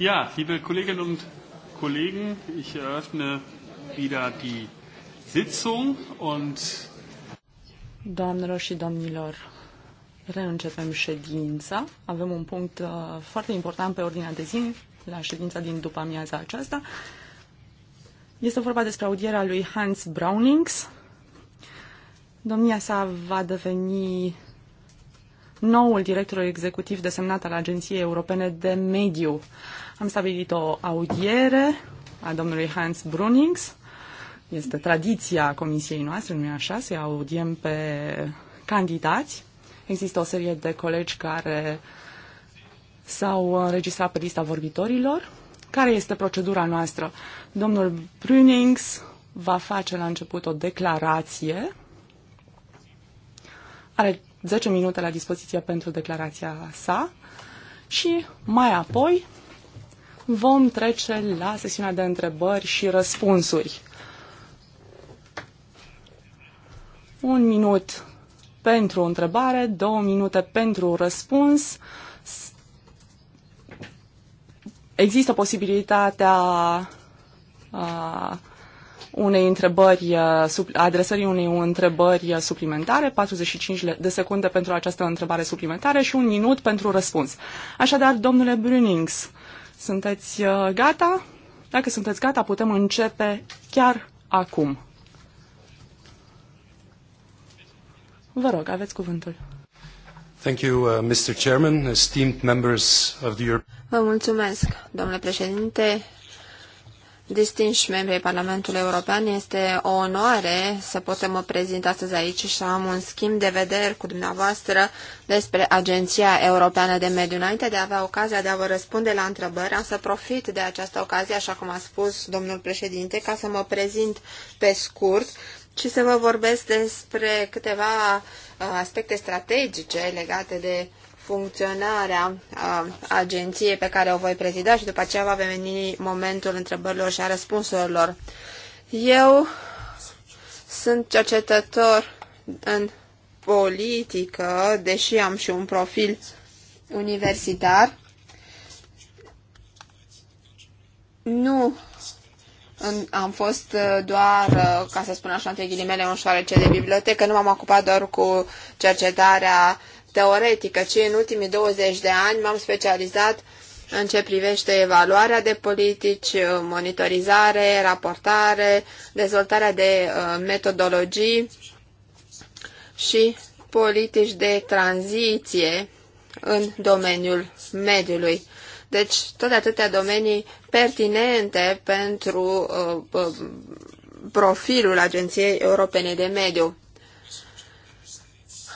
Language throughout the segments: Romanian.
Ja, liebe Kolleginnen und Kollegen, ich eröffne wieder die Sitzung und Doamnelor și domnilor, reîncepem ședința. Avem un punct uh, foarte important pe ordinea de zi la ședința din după amiaza aceasta. Este vorba despre audierea lui Hans Brownings. Domnia sa va deveni noul director executiv desemnat al Agenției Europene de Mediu. Uh, am stabilit o audiere a domnului Hans Brunings. Este tradiția comisiei noastre, nu-i așa, să audiem pe candidați. Există o serie de colegi care s-au înregistrat pe lista vorbitorilor. Care este procedura noastră? Domnul Brunings va face la început o declarație. Are 10 minute la dispoziție pentru declarația sa și mai apoi vom trece la sesiunea de întrebări și răspunsuri. Un minut pentru întrebare, două minute pentru răspuns. Există posibilitatea unei întrebări, adresării unei întrebări suplimentare, 45 de secunde pentru această întrebare suplimentară și un minut pentru răspuns. Așadar, domnule Brunings, sunteți uh, gata? Dacă sunteți gata, putem începe chiar acum. Vă rog, aveți cuvântul. Thank you, uh, Mr. Chairman, esteemed members of the European... Vă mulțumesc, domnule președinte, distinși membrii Parlamentului European, este o onoare să putem o mă prezint astăzi aici și să am un schimb de vederi cu dumneavoastră despre Agenția Europeană de Mediu. Înainte de a avea ocazia de a vă răspunde la întrebări, am să profit de această ocazie, așa cum a spus domnul președinte, ca să mă prezint pe scurt și să vă vorbesc despre câteva uh, aspecte strategice legate de funcționarea agenției pe care o voi prezida și după aceea va veni momentul întrebărilor și a răspunsurilor. Eu sunt cercetător în politică, deși am și un profil universitar. Nu am fost uh, doar, uh, ca să spun așa, între ghilimele, un șoarece de bibliotecă, nu m-am ocupat doar cu cercetarea teoretică, ci în ultimii 20 de ani m-am specializat în ce privește evaluarea de politici, monitorizare, raportare, dezvoltarea de uh, metodologii și politici de tranziție în domeniul mediului. Deci, toate atâtea domenii pertinente pentru uh, uh, profilul Agenției Europene de Mediu.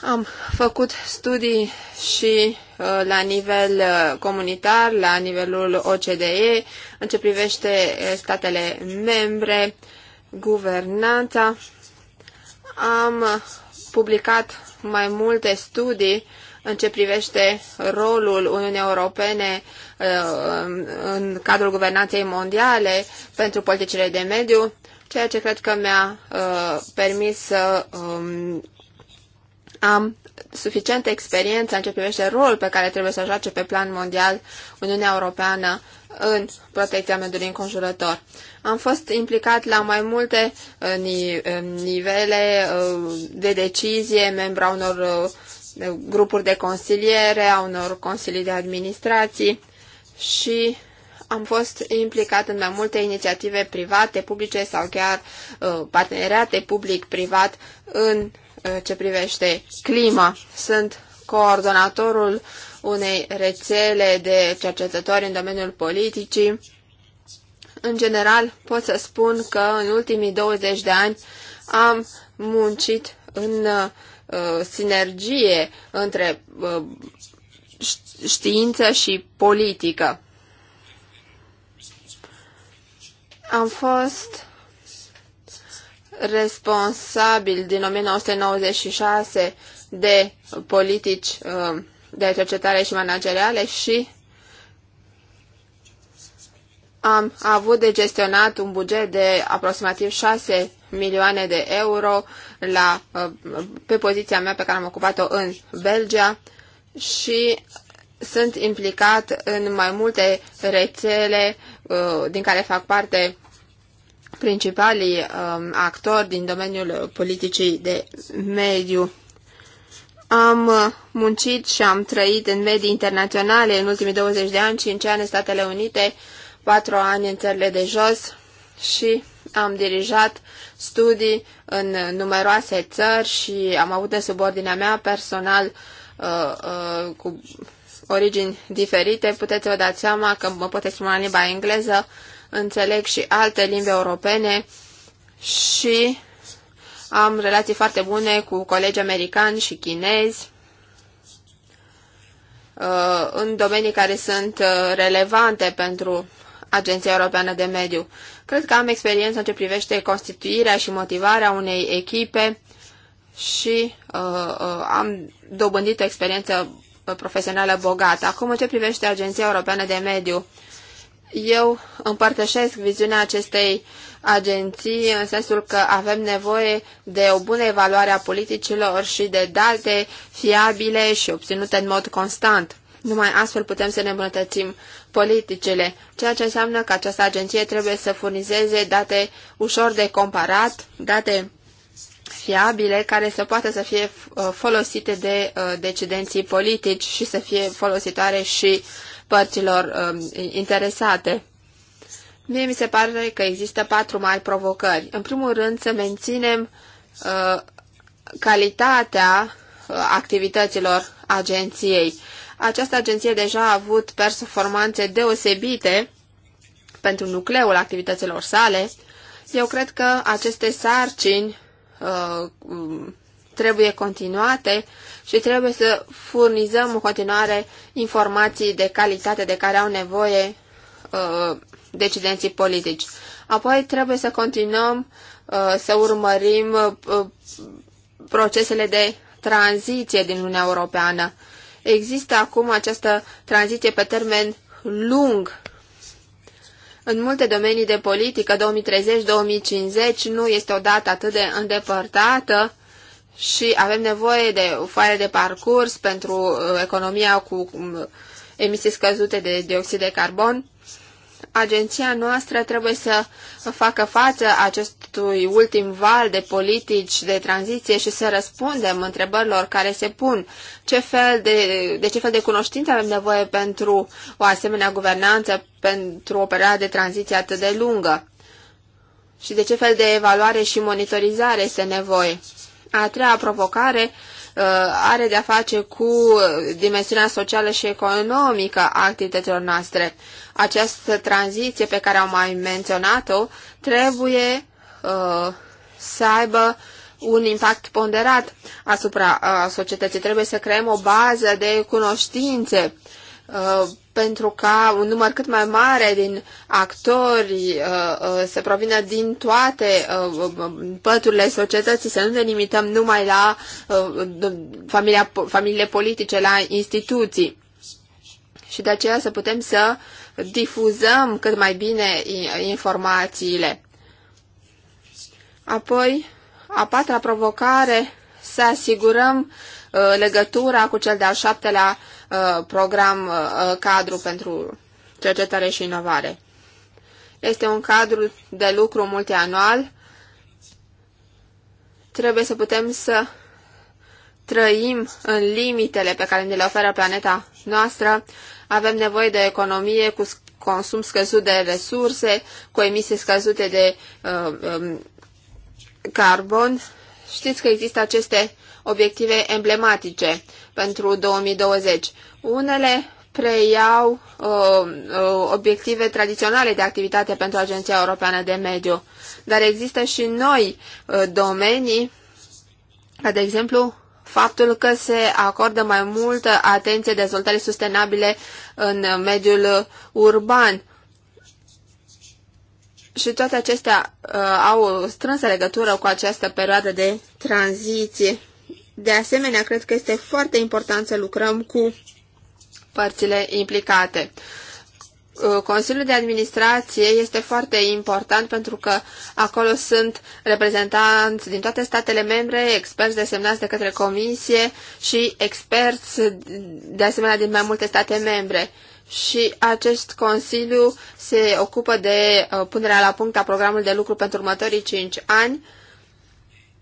Am făcut studii și uh, la nivel uh, comunitar, la nivelul OCDE, în ce privește uh, statele membre, guvernanța. Am publicat mai multe studii în ce privește rolul Uniunii Europene în cadrul guvernanței mondiale pentru politicile de mediu, ceea ce cred că mi-a permis să um, am suficientă experiență în ce privește rolul pe care trebuie să joace pe plan mondial Uniunea Europeană în protecția mediului înconjurător. Am fost implicat la mai multe uh, uh, nivele uh, de decizie, membru a unor grupuri de consiliere, a unor consilii de administrații și am fost implicat în mai multe inițiative private, publice sau chiar parteneriate public-privat în ce privește clima. Sunt coordonatorul unei rețele de cercetători în domeniul politicii. În general, pot să spun că în ultimii 20 de ani am muncit în uh, sinergie între uh, știință și politică. Am fost responsabil din 1996 de politici uh, de cercetare și manageriale și am avut de gestionat un buget de aproximativ 6 milioane de euro la, uh, pe poziția mea pe care am ocupat-o în Belgia și sunt implicat în mai multe rețele uh, din care fac parte principalii um, actori din domeniul politicii de mediu. Am uh, muncit și am trăit în medii internaționale în ultimii 20 de ani, 5 ani în Statele Unite, 4 ani în țările de jos și am dirijat studii în numeroase țări și am avut de subordinea mea personal uh, uh, cu origini diferite. Puteți vă dați seama că mă pot exprima în limba engleză, uh, înțeleg și alte limbi europene și am relații foarte bune cu colegi americani și chinezi uh, în domenii care sunt uh, relevante pentru Agenția Europeană de Mediu. Cred că am experiență în ce privește constituirea și motivarea unei echipe și uh, uh, am dobândit o experiență profesională bogată. Acum, în ce privește Agenția Europeană de Mediu, eu împărtășesc viziunea acestei agenții în sensul că avem nevoie de o bună evaluare a politicilor și de date fiabile și obținute în mod constant. Numai astfel putem să ne îmbunătățim politicile, ceea ce înseamnă că această agenție trebuie să furnizeze date ușor de comparat, date fiabile care să poată să fie uh, folosite de uh, decidenții politici și să fie folositoare și uh, părților uh, interesate. Mie mi se pare că există patru mari provocări. În primul rând, să menținem uh, calitatea uh, activităților agenției. Această agenție deja a avut performanțe deosebite pentru nucleul activităților sale. Eu cred că aceste sarcini uh, um, trebuie continuate și trebuie să furnizăm în continuare informații de calitate de care au nevoie uh, decidenții politici. Apoi trebuie să continuăm uh, să urmărim uh, procesele de tranziție din Uniunea Europeană. Există acum această tranziție pe termen lung. În multe domenii de politică, 2030-2050 nu este o dată atât de îndepărtată, și avem nevoie de o foaie de parcurs pentru uh, economia cu um, emisii scăzute de dioxid de carbon. Agenția noastră trebuie să facă față acestui ultim val de politici de tranziție și să răspundem întrebărilor care se pun. Ce fel de, de ce fel de cunoștință avem nevoie pentru o asemenea guvernanță, pentru o perioadă de tranziție atât de lungă? Și de ce fel de evaluare și monitorizare este nevoie? A treia provocare uh, are de-a face cu uh, dimensiunea socială și economică a activităților noastre. Această tranziție pe care am mai menționat-o trebuie uh, să aibă un impact ponderat asupra uh, societății. Trebuie să creăm o bază de cunoștințe Uh, pentru ca un număr cât mai mare din actori uh, uh, să provină din toate um, um, păturile societății, să nu ne limităm numai la um, familia, familiile politice, la instituții. Și de aceea să putem să difuzăm cât mai bine informațiile. Apoi, a patra provocare, să asigurăm legătura cu cel de-al șaptelea Uh, program uh, uh, cadru pentru cercetare și inovare. Este un cadru de lucru multianual. Trebuie să putem să trăim în limitele pe care ne le oferă planeta noastră. Avem nevoie de economie cu consum scăzut de resurse, cu emisii scăzute de uh, um, carbon. Știți că există aceste obiective emblematice pentru 2020. Unele preiau uh, uh, obiective tradiționale de activitate pentru Agenția Europeană de Mediu, dar există și noi uh, domenii, ca de exemplu faptul că se acordă mai multă atenție dezvoltării sustenabile în mediul urban. Și toate acestea uh, au strânsă legătură cu această perioadă de tranziție. De asemenea, cred că este foarte important să lucrăm cu părțile implicate. Uh, Consiliul de Administrație este foarte important pentru că acolo sunt reprezentanți din toate statele membre, experți desemnați de către Comisie și experți de asemenea din mai multe state membre. Și acest Consiliu se ocupă de uh, punerea la punct a programului de lucru pentru următorii 5 ani.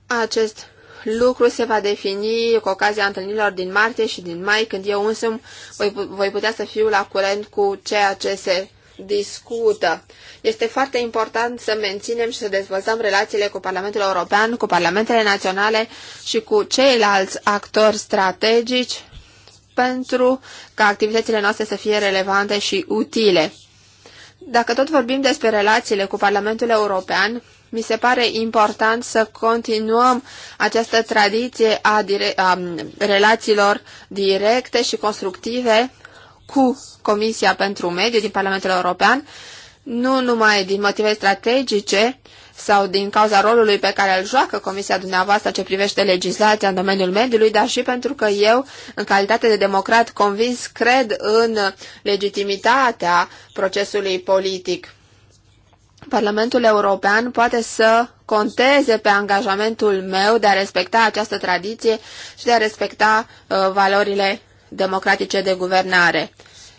Acest lucru se va defini cu ocazia întâlnirilor din martie și din mai, când eu însumi voi, voi putea să fiu la curent cu ceea ce se discută. Este foarte important să menținem și să dezvoltăm relațiile cu Parlamentul European, cu parlamentele naționale și cu ceilalți actori strategici pentru ca activitățile noastre să fie relevante și utile. Dacă tot vorbim despre relațiile cu Parlamentul European, mi se pare important să continuăm această tradiție a, dire a relațiilor directe și constructive cu Comisia pentru Mediu din Parlamentul European, nu numai din motive strategice sau din cauza rolului pe care îl joacă Comisia dumneavoastră ce privește legislația în domeniul mediului, dar și pentru că eu, în calitate de democrat convins, cred în legitimitatea procesului politic. Parlamentul European poate să conteze pe angajamentul meu de a respecta această tradiție și de a respecta uh, valorile democratice de guvernare.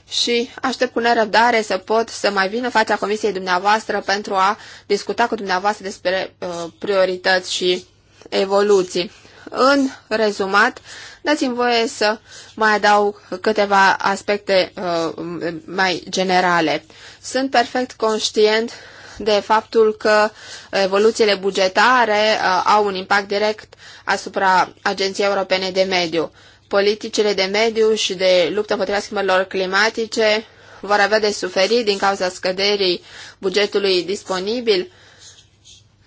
Și aștept cu nerăbdare să pot să mai vin în fața comisiei dumneavoastră pentru a discuta cu dumneavoastră despre uh, priorități și evoluții. În rezumat, dați-mi voie să mai adaug câteva aspecte uh, mai generale. Sunt perfect conștient de faptul că evoluțiile bugetare uh, au un impact direct asupra Agenției Europene de Mediu. Politicile de mediu și de luptă împotriva schimbărilor climatice vor avea de suferit din cauza scăderii bugetului disponibil.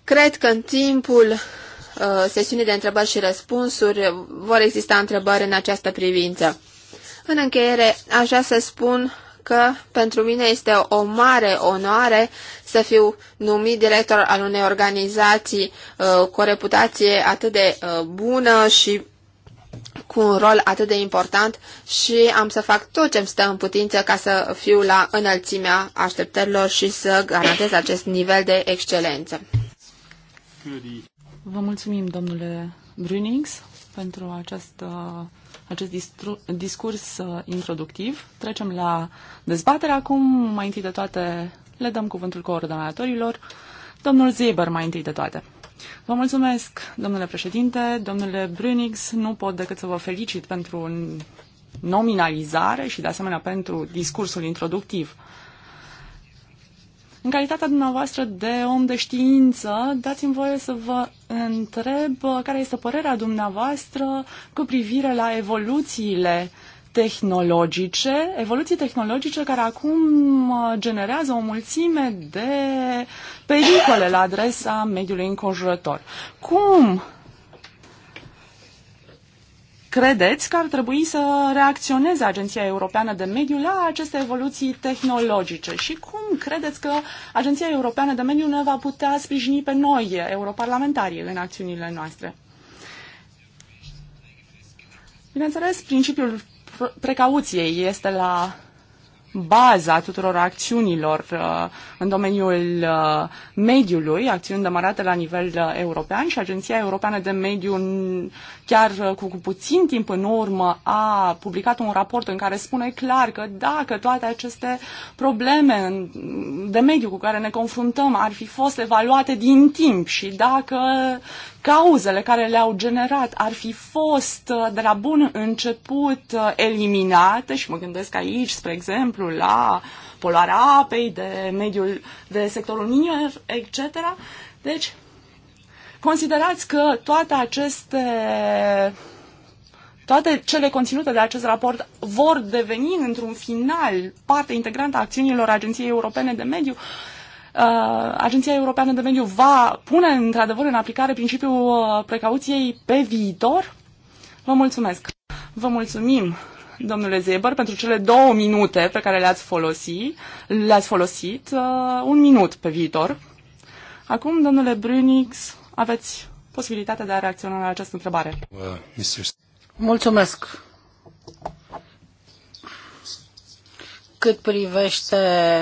Cred că în timpul uh, sesiunii de întrebări și răspunsuri vor exista întrebări în această privință. În încheiere, aș vrea să spun că pentru mine este o mare onoare să fiu numit director al unei organizații uh, cu o reputație atât de uh, bună și cu un rol atât de important și am să fac tot ce-mi stă în putință ca să fiu la înălțimea așteptărilor și să garantez acest nivel de excelență. Vă mulțumim, domnule Brunings, pentru acest, acest discurs uh, introductiv. Trecem la dezbatere acum. Mai întâi de toate le dăm cuvântul coordonatorilor. Domnul Zeber mai întâi de toate. Vă mulțumesc, domnule președinte, domnule Brunix, nu pot decât să vă felicit pentru nominalizare și de asemenea pentru discursul introductiv. În calitatea dumneavoastră de om de știință, dați-mi voie să vă întreb uh, care este părerea dumneavoastră cu privire la evoluțiile uh, tehnologice, evoluții tehnologice care acum uh, generează o mulțime de pericole la adresa mediului înconjurător. Cum credeți că ar trebui să reacționeze Agenția Europeană de Mediu la aceste evoluții tehnologice și cum credeți că Agenția Europeană de Mediu ne va putea sprijini pe noi, europarlamentarii, în acțiunile noastre? Bineînțeles, principiul precauției este la baza tuturor acțiunilor uh, în domeniul uh, mediului, acțiuni demarate la nivel uh, european și Agenția Europeană de Mediu chiar cu, cu puțin timp în urmă a publicat un raport în care spune clar că dacă toate aceste probleme de mediu cu care ne confruntăm ar fi fost evaluate din timp și dacă cauzele care le-au generat ar fi fost uh, de la bun început uh, eliminate și mă gândesc aici, spre exemplu, la poluarea apei, de mediul, de sectorul minier, etc. Deci, considerați că toate aceste toate cele conținute de acest raport vor deveni într-un final parte integrantă a acțiunilor Agenției Europene de Mediu uh, Uh, Agenția Europeană de Mediu va pune într-adevăr în aplicare principiul uh, precauției pe viitor? Vă mulțumesc! Vă mulțumim, domnule Zeber, pentru cele două minute pe care le-ați folosit. Le-ați folosit uh, un minut pe viitor. Acum, domnule Brunix, aveți posibilitatea de a reacționa la această întrebare. Uh, mulțumesc, cât privește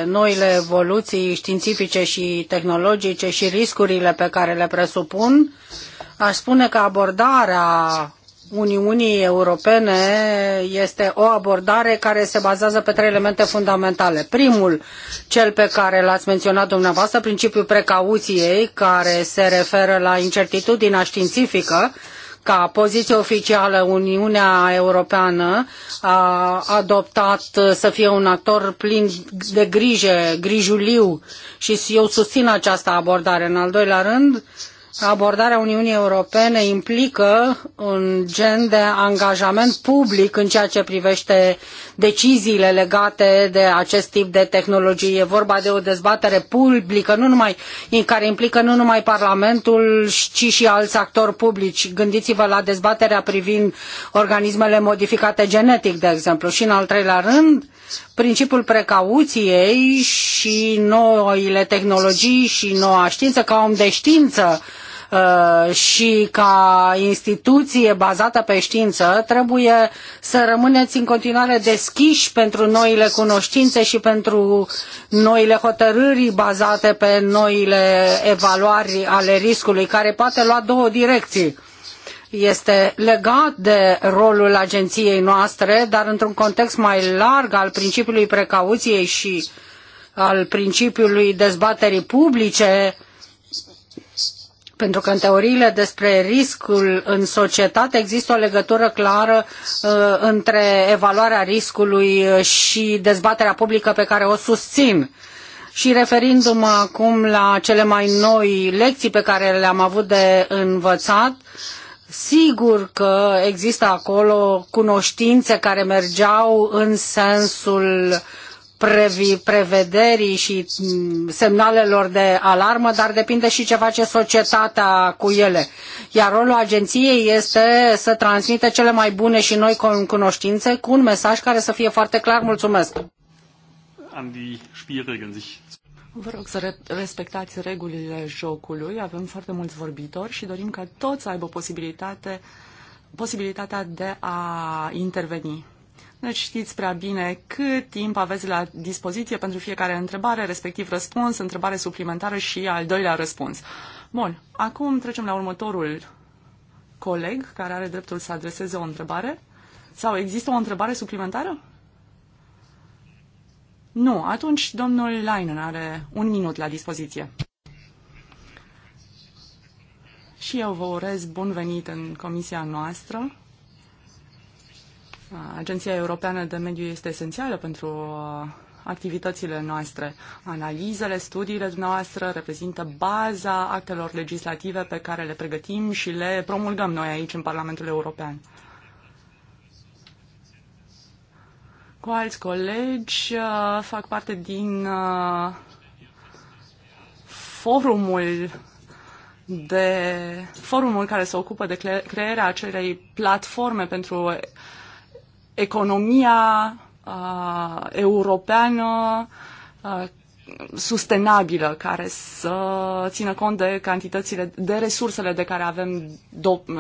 noile evoluții științifice și tehnologice și riscurile pe care le presupun, aș spune că abordarea Uniunii Europene este o abordare care se bazează pe trei elemente fundamentale. Primul, cel pe care l-ați menționat dumneavoastră, principiul precauției, care se referă la incertitudinea științifică, ca poziție oficială Uniunea Europeană a adoptat să fie un actor plin de grijă, grijuliu și eu susțin această abordare. În al doilea rând, uh, abordarea Uniunii Europene implică un gen de angajament public în ceea ce privește deciziile legate de acest tip de tehnologie. E vorba de o dezbatere publică, nu numai, în care implică nu numai Parlamentul, ci și alți actori publici. Gândiți-vă la dezbaterea privind organismele modificate genetic, de exemplu. Și în al treilea rând, principiul precauției și noile tehnologii și noua știință ca om de știință Uh, și ca instituție bazată pe știință, trebuie să rămâneți în continuare deschiși pentru noile cunoștințe și pentru noile hotărâri bazate pe noile evaluări ale riscului, care poate lua două direcții este legat de rolul agenției noastre, dar într-un context mai larg al principiului precauției și al principiului dezbaterii publice, pentru că în teoriile despre riscul în societate există o legătură clară uh, între evaluarea riscului uh, și dezbaterea publică pe care o susțin. Și referindu-mă acum la cele mai noi lecții pe care le-am avut de învățat, sigur că există acolo cunoștințe care mergeau în sensul uh, prevederii și mm, semnalelor de alarmă, dar depinde și ce face societatea cu ele. Iar rolul agenției este să transmită cele mai bune și noi cunoștințe cu un mesaj care să fie foarte clar. Mulțumesc! Vă rog să respectați regulile jocului. Avem foarte mulți vorbitori și dorim ca toți să aibă posibilitate, posibilitatea de a interveni. Deci știți prea bine cât timp aveți la dispoziție pentru fiecare întrebare, respectiv răspuns, întrebare suplimentară și al doilea răspuns. Bun, acum trecem la următorul coleg care are dreptul să adreseze o întrebare. Sau există o întrebare suplimentară? Nu, atunci domnul Leinen are un minut la dispoziție. Și eu vă urez bun venit în comisia noastră. Agenția Europeană de Mediu este esențială pentru uh, activitățile noastre. Analizele, studiile noastre reprezintă baza actelor legislative pe care le pregătim și le promulgăm noi aici în Parlamentul European. Cu alți colegi uh, fac parte din uh, forumul de forumul care se ocupă de crearea acelei platforme pentru uh, economia uh, europeană uh, sustenabilă care să țină cont de cantitățile, de resursele de care avem do, uh,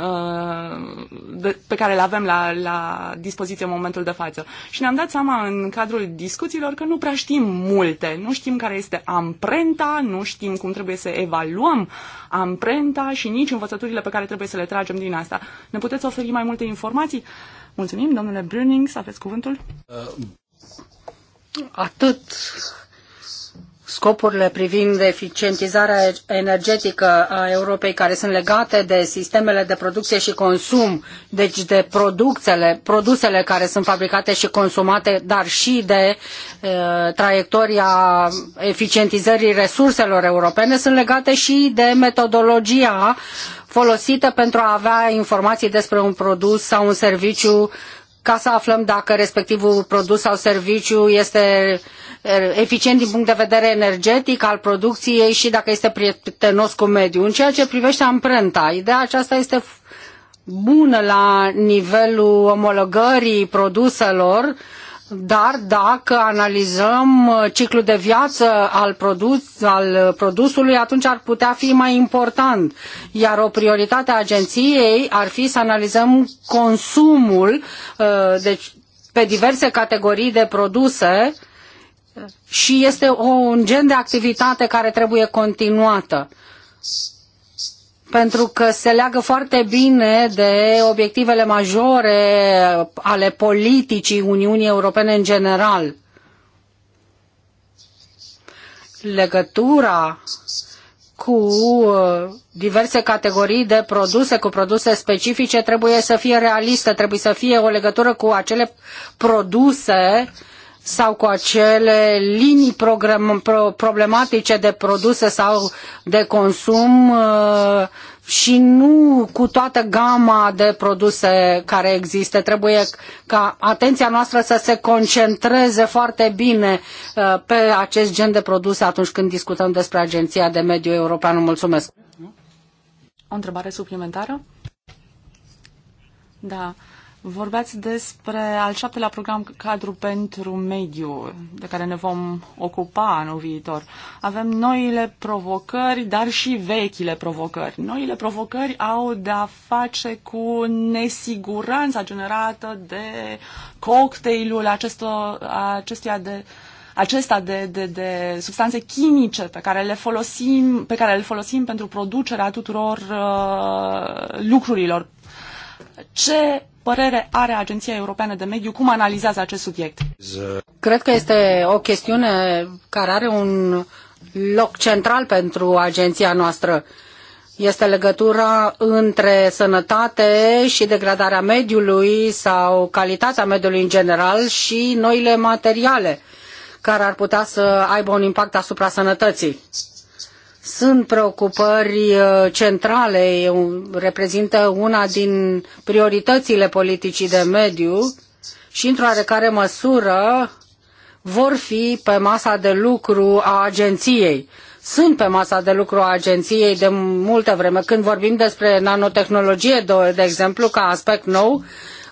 de, pe care le avem la, la dispoziție în momentul de față. Și ne-am dat seama în cadrul discuțiilor că nu prea știm multe, nu știm care este amprenta, nu știm cum trebuie să evaluăm amprenta și nici învățăturile pe care trebuie să le tragem din asta. Ne puteți oferi mai multe informații? Uh, Mulțumim, domnule Brüning, să aveți cuvântul. Atât scopurile privind eficientizarea energetică a Europei care sunt legate de sistemele de producție și consum, deci de producțele, produsele care sunt fabricate și consumate, dar și de e, traiectoria eficientizării resurselor europene, sunt legate și de metodologia folosită pentru a avea informații despre un produs sau un serviciu ca să aflăm dacă respectivul produs sau serviciu este er, eficient din punct de vedere energetic al producției și dacă este prietenos cu mediul. În ceea ce privește amprenta, ideea aceasta este bună la nivelul omologării produselor dar dacă analizăm uh, ciclul de viață al, produs, al produsului, atunci ar putea fi mai important. Iar o prioritate a agenției ar fi să analizăm consumul uh, deci, pe diverse categorii de produse și este un gen de activitate care trebuie continuată pentru că se leagă foarte bine de obiectivele majore ale politicii Uniunii Europene în general. Legătura cu uh, diverse categorii de produse, cu produse specifice, trebuie să fie realistă, trebuie să fie o legătură cu acele produse uh, sau cu acele linii problematice de produse sau de consum uh, și nu cu toată gama de produse care există. Trebuie ca atenția noastră să se concentreze foarte bine uh, pe acest gen de produse atunci când discutăm despre Agenția de Mediu European. Mulțumesc! O întrebare suplimentară? Da. Vorbeați despre al șaptelea program cadru pentru mediu, de care ne vom ocupa anul viitor. Avem noile provocări, dar și vechile provocări. Noile provocări au de-a face cu nesiguranța generată de cocktailul acestor, acestuia de acesta de, de, de substanțe chimice pe care le folosim, pe care le folosim pentru producerea tuturor uh, lucrurilor. Ce părere are Agenția Europeană de Mediu? Cum analizează acest subiect? Cred că este o chestiune care are un loc central pentru agenția noastră. Este legătura între sănătate și degradarea mediului sau calitatea mediului în general și noile materiale care ar putea să aibă un impact asupra sănătății sunt preocupări uh, centrale, reprezintă una din prioritățile politicii de mediu și, într-o oarecare măsură, vor fi pe masa de lucru a agenției. Sunt pe masa de lucru a agenției de multă vreme. Când vorbim despre nanotehnologie, de, de exemplu, ca aspect nou,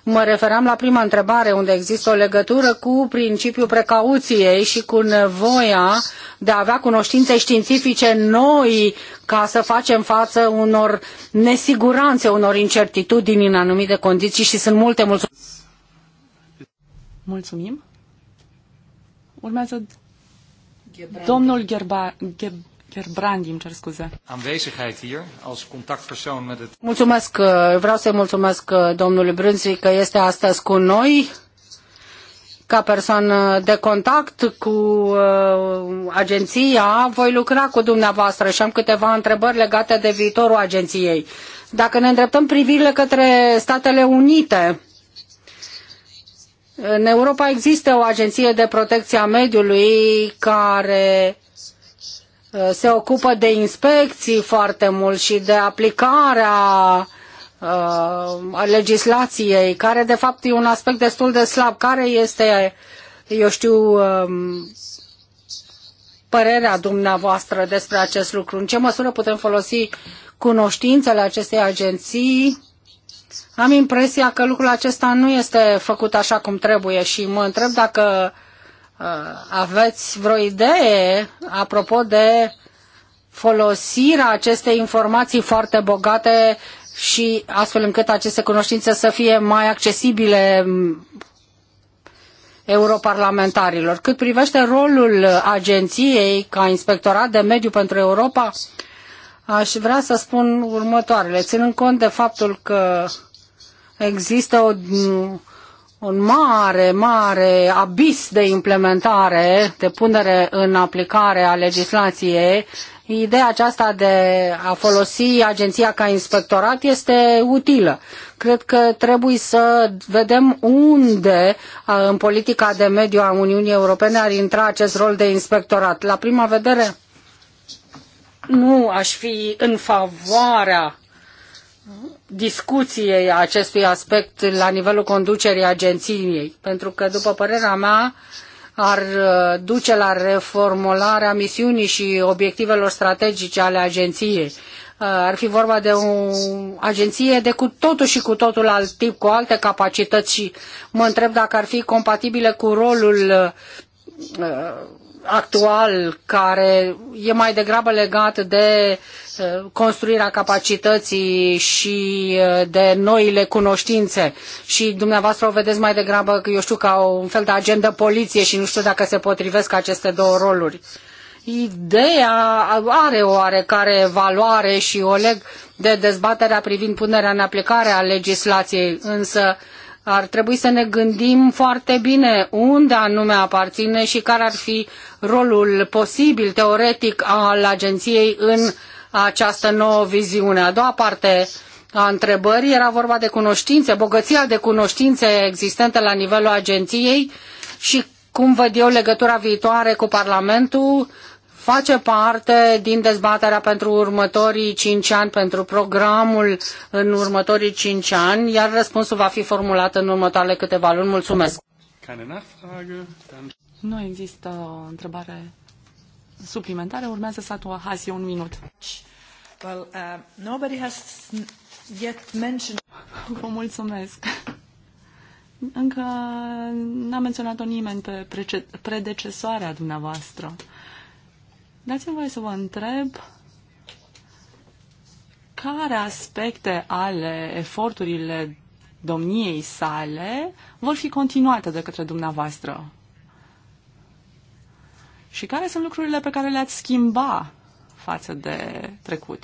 Mă referam la prima întrebare, unde există o legătură cu principiul precauției și cu nevoia de a avea cunoștințe științifice noi ca să facem față unor nesiguranțe, unor incertitudini în anumite condiții și sunt multe mulțumim. Mulțumim. Urmează Gebrandi. domnul Gerba, Ge, Gerbrandi, îmi cer scuze. hier als met het... Mulțumesc, uh, vreau să-i mulțumesc uh, domnului Brânzi că este astăzi cu noi ca persoană de contact cu uh, agenția, voi lucra cu dumneavoastră și am câteva întrebări legate de viitorul agenției. Dacă ne îndreptăm privirile către Statele Unite, în Europa există o agenție de protecție a mediului care Uh, se ocupă de inspecții foarte mult și de aplicarea uh, legislației, care de fapt e un aspect destul de slab. Care este, eu știu, um, părerea dumneavoastră despre acest lucru? În ce măsură putem folosi cunoștințele acestei agenții? Am impresia că lucrul acesta nu este făcut așa cum trebuie și mă întreb dacă Uh, aveți vreo idee apropo de folosirea acestei informații foarte bogate și astfel încât aceste cunoștințe să fie mai accesibile mm, europarlamentarilor. Cât privește rolul agenției ca inspectorat de mediu pentru Europa, aș vrea să spun următoarele. Ținând cont de faptul că există o mm, un mare, mare abis de implementare, de punere în aplicare a legislației. Ideea aceasta de a folosi agenția ca inspectorat este utilă. Cred că trebuie să vedem unde în politica de mediu a Uniunii Europene ar intra acest rol de inspectorat. La prima vedere, nu aș fi în favoarea discuției acestui aspect la nivelul conducerii agenției, pentru că, după părerea mea, ar uh, duce la reformularea misiunii și obiectivelor strategice ale agenției. Uh, ar fi vorba de o agenție de cu totul și cu totul alt tip, cu alte capacități și mă întreb dacă ar fi compatibile cu rolul uh, actual, care e mai degrabă legat de construirea capacității și uh, de noile cunoștințe și dumneavoastră o vedeți mai degrabă, eu știu, ca un fel de agendă poliție și nu știu dacă se potrivesc aceste două roluri. Ideea are o oarecare valoare și o leg de dezbaterea privind punerea în aplicare a legislației, însă ar trebui să ne gândim foarte bine unde anume aparține și care ar fi rolul posibil teoretic al agenției în această nouă viziune. A doua parte a întrebării era vorba de cunoștințe, bogăția de cunoștințe existente la nivelul agenției și cum văd eu legătura viitoare cu Parlamentul face parte din dezbaterea pentru următorii cinci ani, pentru programul în următorii cinci ani, iar răspunsul va fi formulat în următoarele câteva luni. Mulțumesc! Nu există o întrebare suplimentare. Urmează Satu Hasi, un minut. Well, uh, nobody has yet mentioned... Vă mulțumesc. Încă n-a menționat-o nimeni pe predecesoarea dumneavoastră. Dați-mi voie să vă întreb care aspecte ale eforturile domniei sale vor fi continuate de către dumneavoastră și care sunt lucrurile pe care le-ați schimba față de trecut,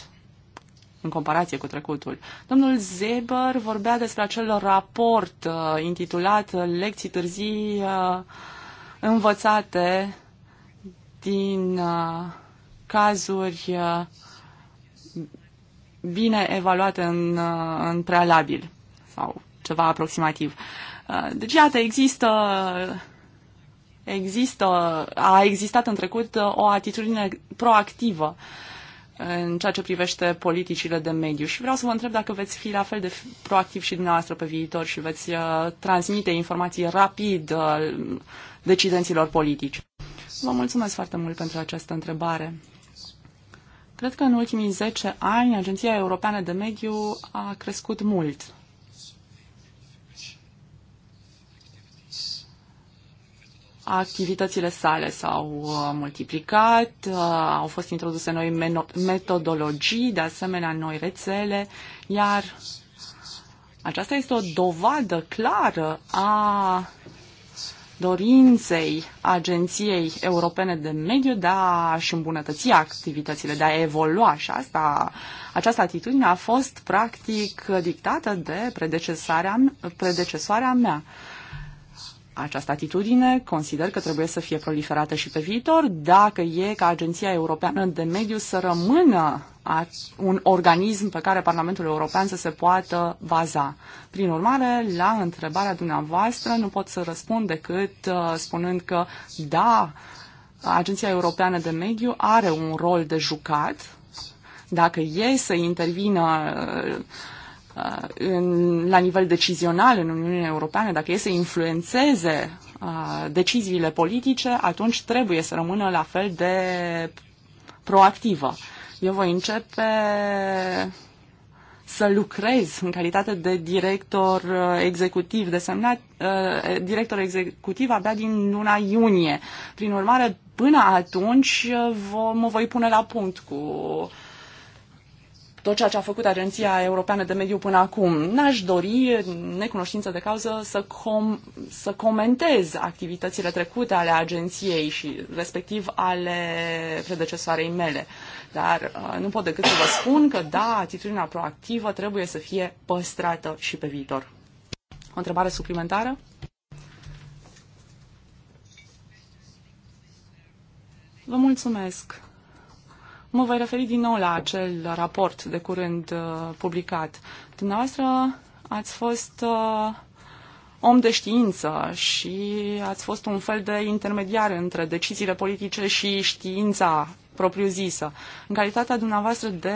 în comparație cu trecutul. Domnul Zeber vorbea despre acel raport uh, intitulat Lecții târzii uh, învățate din uh, cazuri uh, bine evaluate în, uh, în prealabil sau ceva aproximativ. Uh, deci, iată, există Există, a existat în trecut uh, o atitudine proactivă uh, în ceea ce privește politicile de mediu și vreau să vă întreb dacă veți fi la fel de proactiv și dumneavoastră pe viitor și veți uh, transmite informații rapid decidenților politici. Vă mulțumesc foarte mult pentru această întrebare. Cred că în ultimii 10 ani Agenția Europeană de Mediu a crescut mult. activitățile sale s-au uh, multiplicat, uh, au fost introduse noi metodologii, de asemenea noi rețele, iar aceasta este o dovadă clară a dorinței Agenției Europene de Mediu de a-și îmbunătăți activitățile, de a evolua și asta, această atitudine a fost practic dictată de predecesoarea, predecesoarea mea. Această atitudine consider că trebuie să fie proliferată și pe viitor dacă e ca Agenția Europeană de Mediu să rămână un organism pe care Parlamentul European să se poată baza. Prin urmare, la întrebarea dumneavoastră nu pot să răspund decât uh, spunând că da, Agenția Europeană de Mediu are un rol de jucat. Dacă e să intervină uh, Uh, în, la nivel decizional în Uniunea Europeană, dacă e să influențeze uh, deciziile politice, atunci trebuie să rămână la fel de proactivă. Eu voi începe să lucrez în calitate de director uh, executiv desemnat, director executiv abia din luna iunie. Prin urmare, până atunci mă voi pune la punct cu tot ceea ce a făcut Agenția Europeană de Mediu până acum. N-aș dori, necunoștință de cauză, să, com- să comentez activitățile trecute ale agenției și respectiv ale predecesoarei mele. Dar uh, nu pot decât să vă spun că, da, atitudinea proactivă trebuie să fie păstrată și pe viitor. O întrebare suplimentară? Vă mulțumesc. Mă voi referi din nou la acel raport de curând uh, publicat. Dumneavoastră ați fost uh, om de știință și ați fost un fel de intermediar între deciziile politice și știința propriu-zisă. În calitatea dumneavoastră de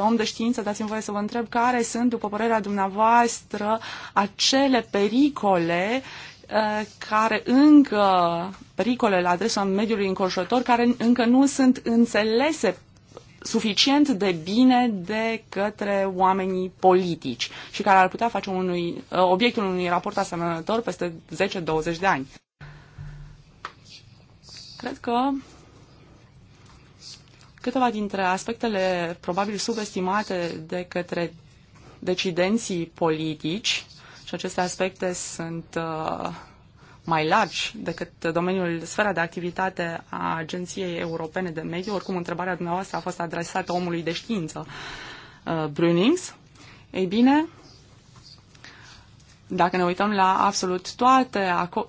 om de știință, dați-mi voie să vă întreb care sunt, după părerea dumneavoastră, acele pericole Eh, care încă, pericole la adresa mediului înconjurător, care încă nu sunt înțelese suficient de bine de către oamenii politici și care ar putea face unui, eh, obiectul unui raport asemănător peste 10-20 de ani. Cred că câteva dintre aspectele probabil subestimate de către decidenții politici și aceste aspecte sunt uh, mai largi decât domeniul, sfera de activitate a Agenției Europene de Mediu. Oricum, întrebarea dumneavoastră a fost adresată omului de știință, uh, Brunings. Ei bine, dacă ne uităm la absolut toate uh,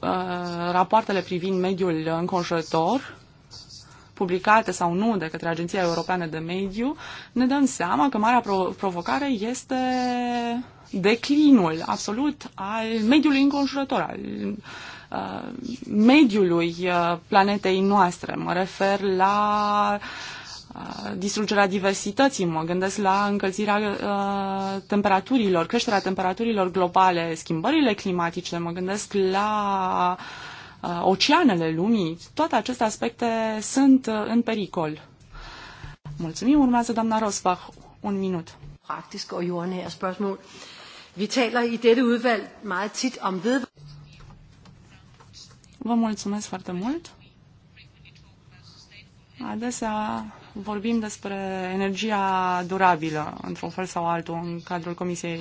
rapoartele privind mediul înconjurător, publicate sau nu de către Agenția Europeană de Mediu, ne dăm seama că marea provocare este declinul absolut al mediului înconjurător, al uh, mediului uh, planetei noastre. Mă refer la uh, distrugerea diversității, mă gândesc la încălzirea uh, temperaturilor, creșterea temperaturilor globale, schimbările climatice, mă gândesc la uh, Uh, oceanele lumii, toate aceste aspecte sunt uh, în pericol. Mulțumim, urmează doamna Rosbach. Un minut. Practic og jordnære spørgsmål. Vi taler i dette udvalg meget tit om ved... Vă mulțumesc foarte mult. Adesea vorbim despre energia durabilă, într-un fel sau altul, în cadrul Comisiei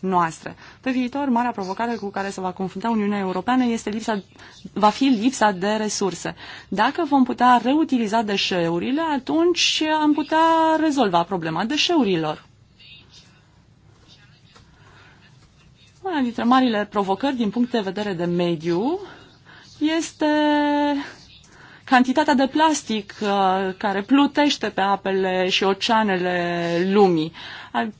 noastre. Pe viitor, marea provocare cu care se va confrunta Uniunea Europeană este lipsa, va fi lipsa de resurse. Dacă vom putea reutiliza deșeurile, atunci am putea rezolva problema deșeurilor. Una dintre marile provocări din punct de vedere de mediu este cantitatea de plastic uh, care plutește pe apele și oceanele lumii.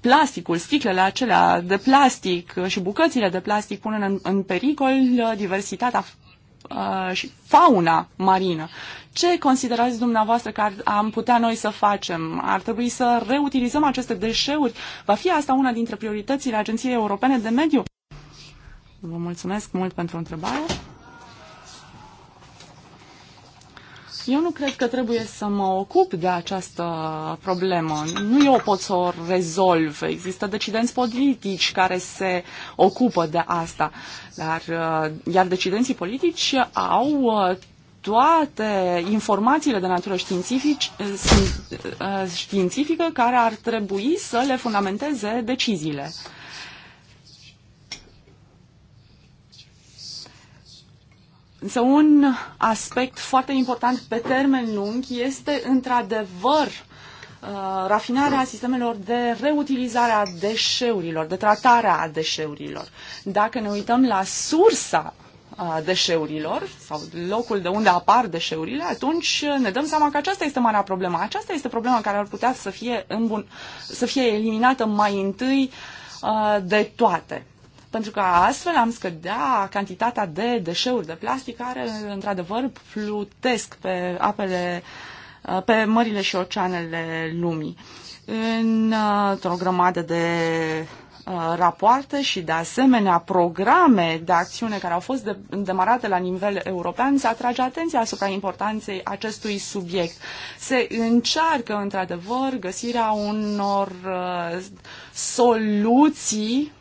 Plasticul, sticlele acelea de plastic și bucățile de plastic pun în, în pericol uh, diversitatea uh, și fauna marină. Ce considerați dumneavoastră că ar, am putea noi să facem? Ar trebui să reutilizăm aceste deșeuri? Va fi asta una dintre prioritățile Agenției Europene de Mediu? Vă mulțumesc mult pentru întrebare. Eu nu cred că trebuie să mă ocup de această problemă. Nu eu pot să o rezolv. Există decidenți politici care se ocupă de asta. Dar, uh, iar decidenții politici au uh, toate informațiile de natură uh, științifică care ar trebui să le fundamenteze deciziile. Însă un aspect foarte important pe termen lung este într-adevăr uh, rafinarea sistemelor de reutilizare a deșeurilor, de tratare a deșeurilor. Dacă ne uităm la sursa uh, deșeurilor sau locul de unde apar deșeurile, atunci uh, ne dăm seama că aceasta este marea problemă. Aceasta este problema care ar putea să fie, îmbun- să fie eliminată mai întâi de toate pentru că astfel am scădea cantitatea de deșeuri de plastic care, într-adevăr, plutesc pe apele, uh, pe mările și oceanele lumii. Uh, într-o grămadă de uh, rapoarte și, de asemenea, programe de acțiune care au fost de, demarate la nivel european, se atrage atenția asupra importanței acestui subiect. Se încearcă, într-adevăr, găsirea unor uh, soluții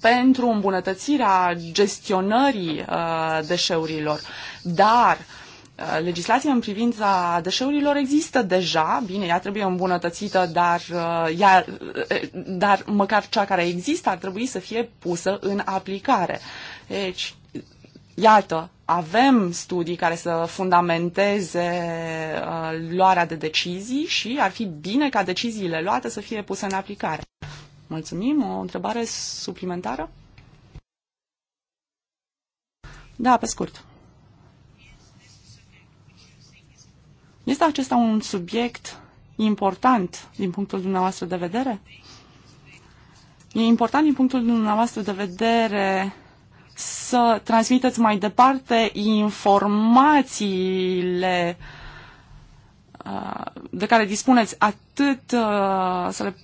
pentru îmbunătățirea gestionării uh, deșeurilor, dar uh, legislația în privința deșeurilor există deja, bine, ea trebuie îmbunătățită, dar, uh, ea, dar măcar cea care există ar trebui să fie pusă în aplicare. Deci, iată, avem studii care să fundamenteze luarea de decizii și ar fi bine ca deciziile luate să fie puse în aplicare. Mulțumim. O întrebare suplimentară? Da, pe scurt. Este acesta un subiect important din punctul dumneavoastră de vedere? E important din punctul dumneavoastră de vedere să transmiteți mai departe informațiile uh, de care dispuneți atât uh, să le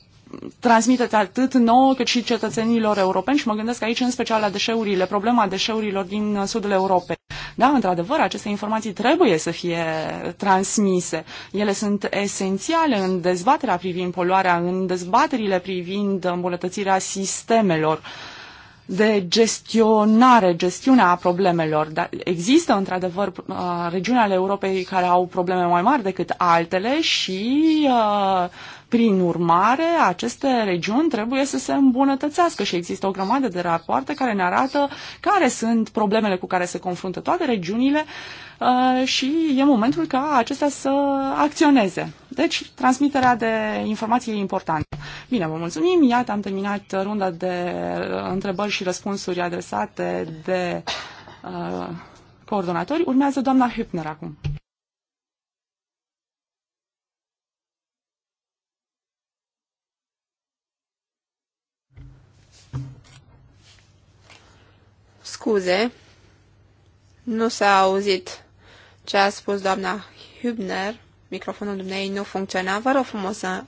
transmiteți atât nouă cât și cetățenilor europeni și mă gândesc aici în special la deșeurile, problema deșeurilor din sudul Europei. Da, într-adevăr, aceste informații trebuie să fie transmise. Ele sunt esențiale în dezbaterea privind poluarea, în dezbaterile privind îmbunătățirea sistemelor de gestionare, gestiunea problemelor. Dar există, într-adevăr, uh, regiuni ale Europei care au probleme mai mari decât altele și uh, prin urmare, aceste regiuni trebuie să se îmbunătățească și există o grămadă de rapoarte care ne arată care sunt problemele cu care se confruntă toate regiunile uh, și e momentul ca acestea să acționeze. Deci, transmiterea de informații e importantă. Bine, vă mulțumim. Iată, am terminat runda de uh, întrebări și răspunsuri adresate de uh, coordonatori. Urmează doamna Hübner acum. scuze, nu s-a auzit ce a spus doamna Hübner. Microfonul dumnei nu funcționa. Vă rog frumos să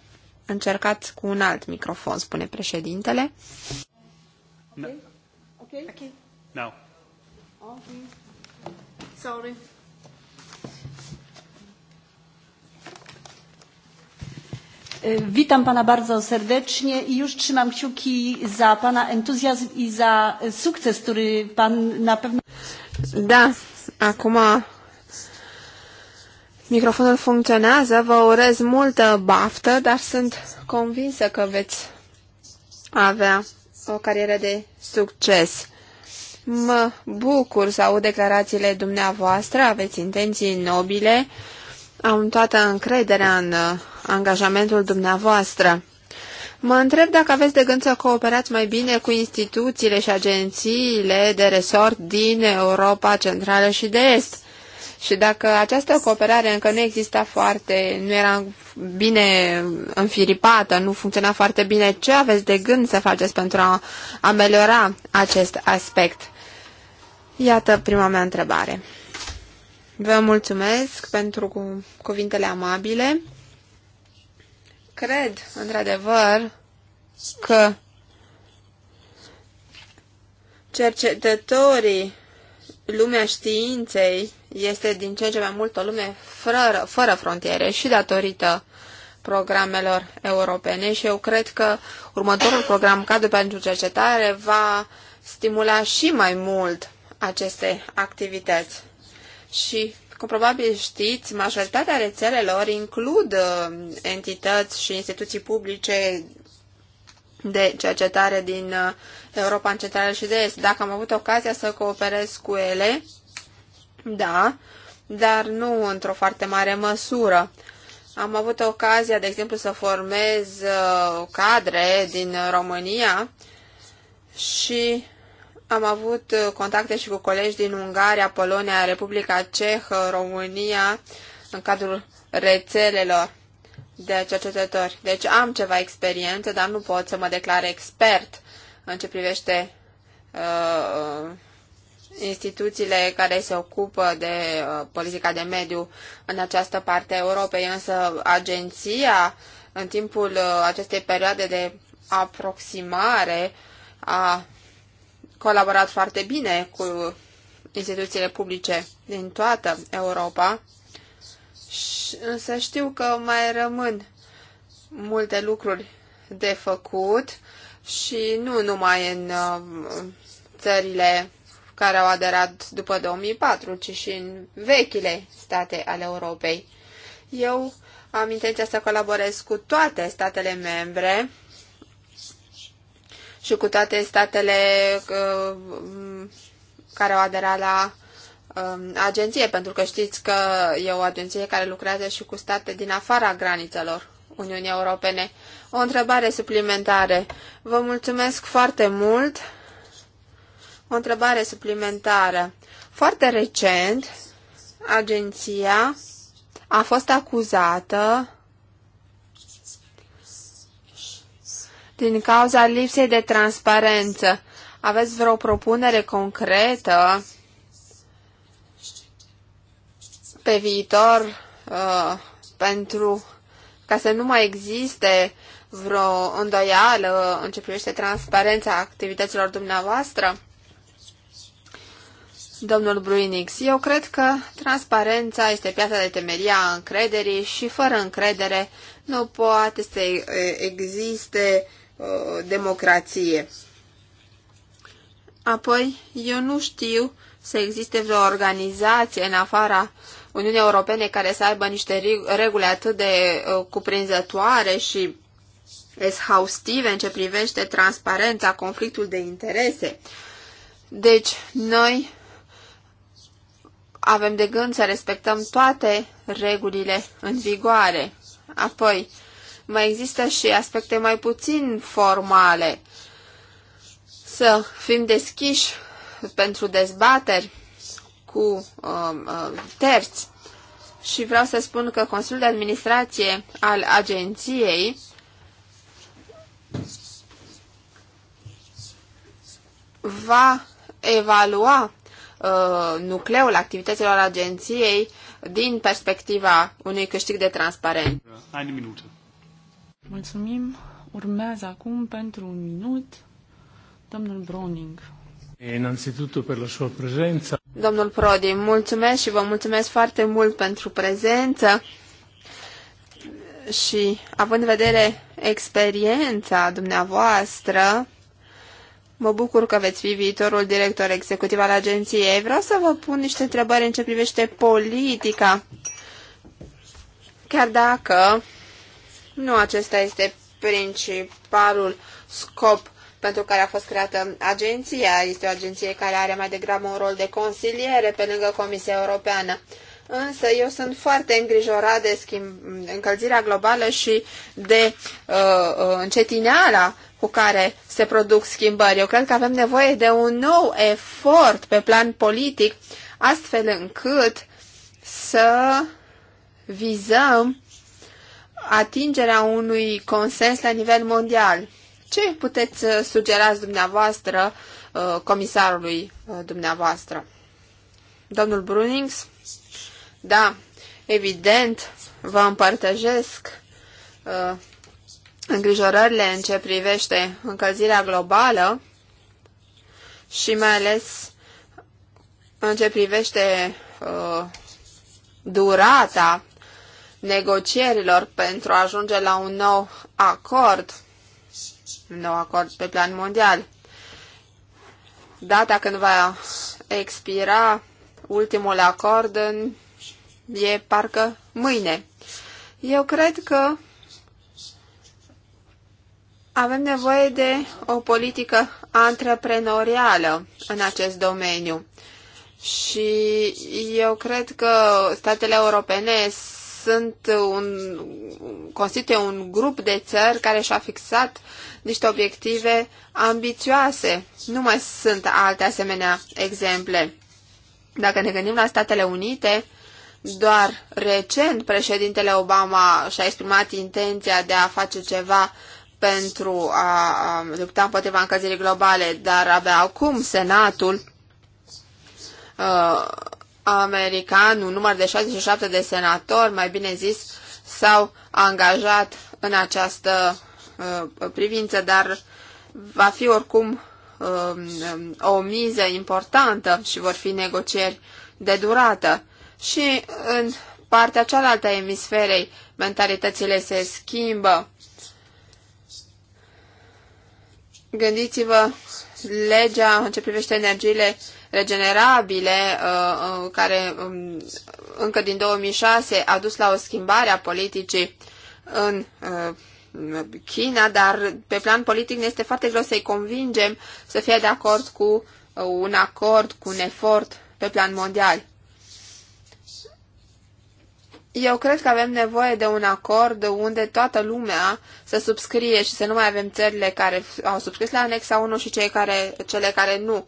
încercați cu un alt microfon, spune președintele. Okay. Okay. Okay. No. Okay. Sorry. Witam Pana bardzo serdecznie i już trzymam kciuki za Pana entuzjazm i za sukces, który Pan na pewno... Da, acum microfonul funcționează, vă urez multă baftă, dar sunt convinsă că veți avea o carieră de succes. Mă bucur să aud declarațiile dumneavoastră, aveți intenții nobile, am toată încrederea în uh, angajamentul dumneavoastră. Mă întreb dacă aveți de gând să cooperați mai bine cu instituțiile și agențiile de resort din Europa Centrală și de Est. Și dacă această cooperare încă nu exista foarte, nu era bine înfiripată, nu funcționa foarte bine, ce aveți de gând să faceți pentru a ameliora acest aspect? Iată prima mea întrebare. Vă mulțumesc pentru cuvintele amabile. Cred, într-adevăr, că cercetătorii lumea științei este din ce în ce mai mult o lume fără, fără frontiere și datorită programelor europene și eu cred că următorul program cadru pentru cercetare va stimula și mai mult aceste activități și, cum probabil știți, majoritatea rețelelor includ uh, entități și instituții publice de cercetare din uh, Europa în Centrală și de Est. Dacă am avut ocazia să cooperez cu ele, da, dar nu într-o foarte mare măsură. Am avut ocazia, de exemplu, să formez uh, cadre din România și am avut uh, contacte și cu colegi din Ungaria, Polonia, Republica Cehă, România, în cadrul rețelelor de cercetători. Deci am ceva experiență, dar nu pot să mă declar expert în ce privește uh, instituțiile care se ocupă de uh, politica de mediu în această parte a Europei, însă agenția în timpul uh, acestei perioade de aproximare a colaborat foarte bine cu instituțiile publice din toată Europa, însă știu că mai rămân multe lucruri de făcut și nu numai în uh, țările care au aderat după 2004, ci și în vechile state ale Europei. Eu am intenția să colaborez cu toate statele membre și cu toate statele uh, care au aderat la um, agenție, pentru că știți că e o agenție care lucrează și cu state din afara granițelor Uniunii Europene. O întrebare suplimentare. Vă mulțumesc foarte mult. O întrebare suplimentară. Foarte recent, agenția a fost acuzată din cauza lipsei de transparență. Aveți vreo propunere concretă pe viitor uh, pentru ca să nu mai existe vreo îndoială în ce privește transparența activităților dumneavoastră? Domnul Bruinix, eu cred că transparența este piața de temeria încrederii și fără încredere nu poate să existe Uh, democrație. Apoi, eu nu știu să existe vreo organizație în afara Uniunii Europene care să aibă niște reguli atât de uh, cuprinzătoare și exhaustive în ce privește transparența, conflictul de interese. Deci, noi avem de gând să respectăm toate regulile în vigoare. Apoi, mai există și aspecte mai puțin formale. Să fim deschiși pentru dezbateri cu uh, terți. Și vreau să spun că Consiliul de Administrație al agenției va evalua uh, nucleul activităților agenției din perspectiva unui câștig de transparență. Mulțumim. Urmează acum pentru un minut domnul Browning. Domnul Prodi, mulțumesc și vă mulțumesc foarte mult pentru prezență și având în vedere experiența dumneavoastră, mă bucur că veți fi viitorul director executiv al agenției. Vreau să vă pun niște întrebări în ce privește politica. Chiar dacă nu acesta este principalul scop pentru care a fost creată agenția. Este o agenție care are mai degrabă un rol de consiliere pe lângă Comisia Europeană. Însă eu sunt foarte îngrijorat de schimb, încălzirea globală și de uh, uh încetineala cu care se produc schimbări. Eu cred că avem nevoie de un nou efort pe plan politic, astfel încât să vizăm atingerea unui consens la nivel mondial. Ce puteți uh, sugerați dumneavoastră uh, comisarului uh, dumneavoastră? Domnul Brunings? Da, evident, vă împărtăjesc îngrijorările în ce privește încălzirea globală și mai ales în ce privește uh, durata negocierilor pentru a ajunge la un nou acord, un nou acord pe plan mondial. Data când va expira ultimul acord e parcă mâine. Eu cred că avem nevoie de o politică antreprenorială în acest domeniu. Și eu cred că statele europene sunt un, constituie un grup de țări care și-a fixat niște obiective ambițioase. Nu mai sunt alte asemenea exemple. Dacă ne gândim la Statele Unite, doar recent președintele Obama și-a exprimat intenția de a face ceva pentru a lupta împotriva încălzirii globale, dar abia acum Senatul uh, american, un număr de 67 de senatori, mai bine zis, s-au angajat în această uh, privință, dar va fi oricum uh, o miză importantă și vor fi negocieri de durată. Și în partea cealaltă a emisferei mentalitățile se schimbă. Gândiți-vă legea în ce privește energiile regenerabile, uh, uh, care um, încă din 2006 a dus la o schimbare a politicii în uh, China, dar pe plan politic ne este foarte greu să-i convingem să fie de acord cu un acord, cu un efort pe plan mondial. Eu cred că avem nevoie de un acord unde toată lumea să subscrie și să nu mai avem țările care au subscris la anexa 1 și cei care, cele care nu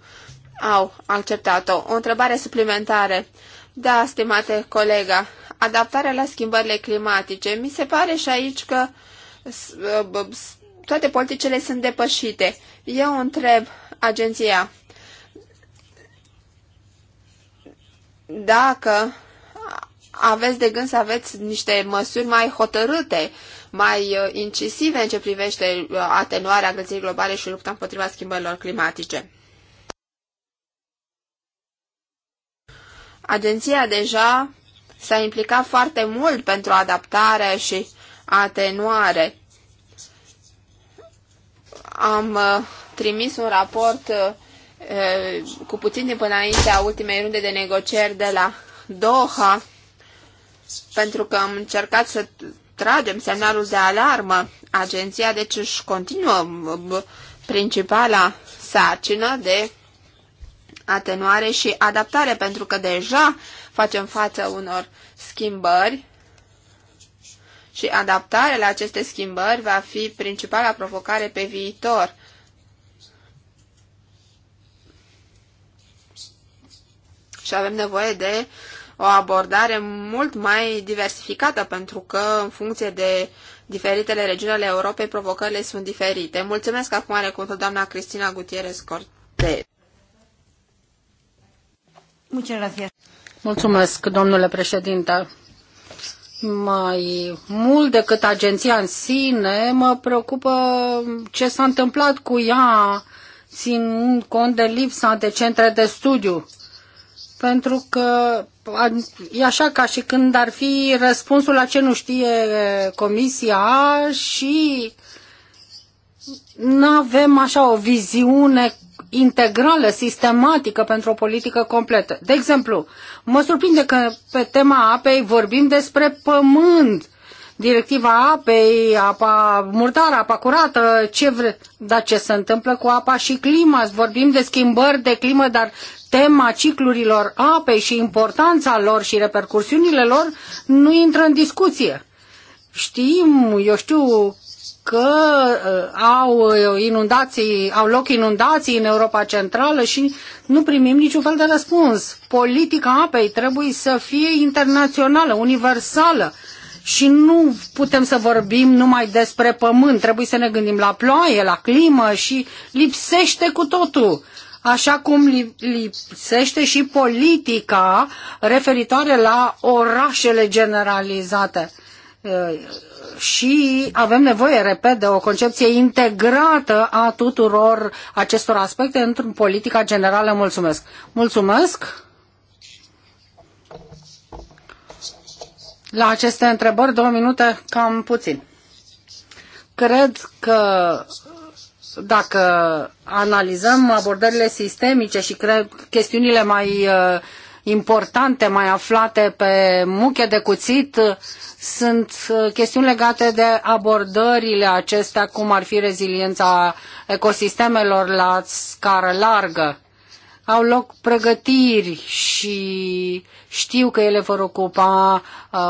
au acceptat-o. O întrebare suplimentare. Da, stimate colega, adaptarea la schimbările climatice. Mi se pare și aici că uh, toate politicele sunt depășite. Eu întreb agenția dacă aveți de gând să aveți niște măsuri mai hotărâte, mai uh, incisive în ce privește uh, atenuarea agreției globale și lupta împotriva schimbărilor climatice. Agenția deja s-a implicat foarte mult pentru adaptare și atenuare. Am uh, trimis un raport uh, cu puțin timp înaintea ultimei runde de negocieri de la Doha, pentru că am încercat să tragem semnalul de alarmă. Agenția deci își continuă uh, principala sarcină de atenuare și adaptare, pentru că deja facem față unor schimbări și adaptarea la aceste schimbări va fi principala provocare pe viitor. Și avem nevoie de o abordare mult mai diversificată, pentru că în funcție de diferitele regiuni ale Europei, provocările sunt diferite. Mulțumesc acum are cuvântul doamna Cristina Gutierrez Cortez. Mulțumesc, domnule președinte. Mai mult decât agenția în sine, mă preocupă ce s-a întâmplat cu ea, ținând cont de lipsa de centre de studiu. Pentru că e așa ca și când ar fi răspunsul la ce nu știe comisia și nu avem așa o viziune integrală, sistematică pentru o politică completă. De exemplu, mă surprinde că pe tema apei vorbim despre pământ, directiva apei, apa murdară, apa curată, ce vre... dar ce se întâmplă cu apa și clima. Vorbim de schimbări de climă, dar tema ciclurilor apei și importanța lor și repercursiunile lor nu intră în discuție. Știm, eu știu, că uh, au uh, inundații, au loc inundații în Europa Centrală și nu primim niciun fel de răspuns. Politica apei trebuie să fie internațională, universală și nu putem să vorbim numai despre pământ, trebuie să ne gândim la ploaie, la climă și lipsește cu totul așa cum lipsește și politica referitoare la orașele generalizate. Uh, și avem nevoie, repet, de o concepție integrată a tuturor acestor aspecte într-un politica generală. Mulțumesc! Mulțumesc! La aceste întrebări, două minute, cam puțin. Cred că dacă analizăm abordările sistemice și cred chestiunile mai uh, importante mai aflate pe muche de cuțit sunt uh, chestiuni legate de abordările acestea, cum ar fi reziliența ecosistemelor la scară largă. Au loc pregătiri și știu că ele vor ocupa uh,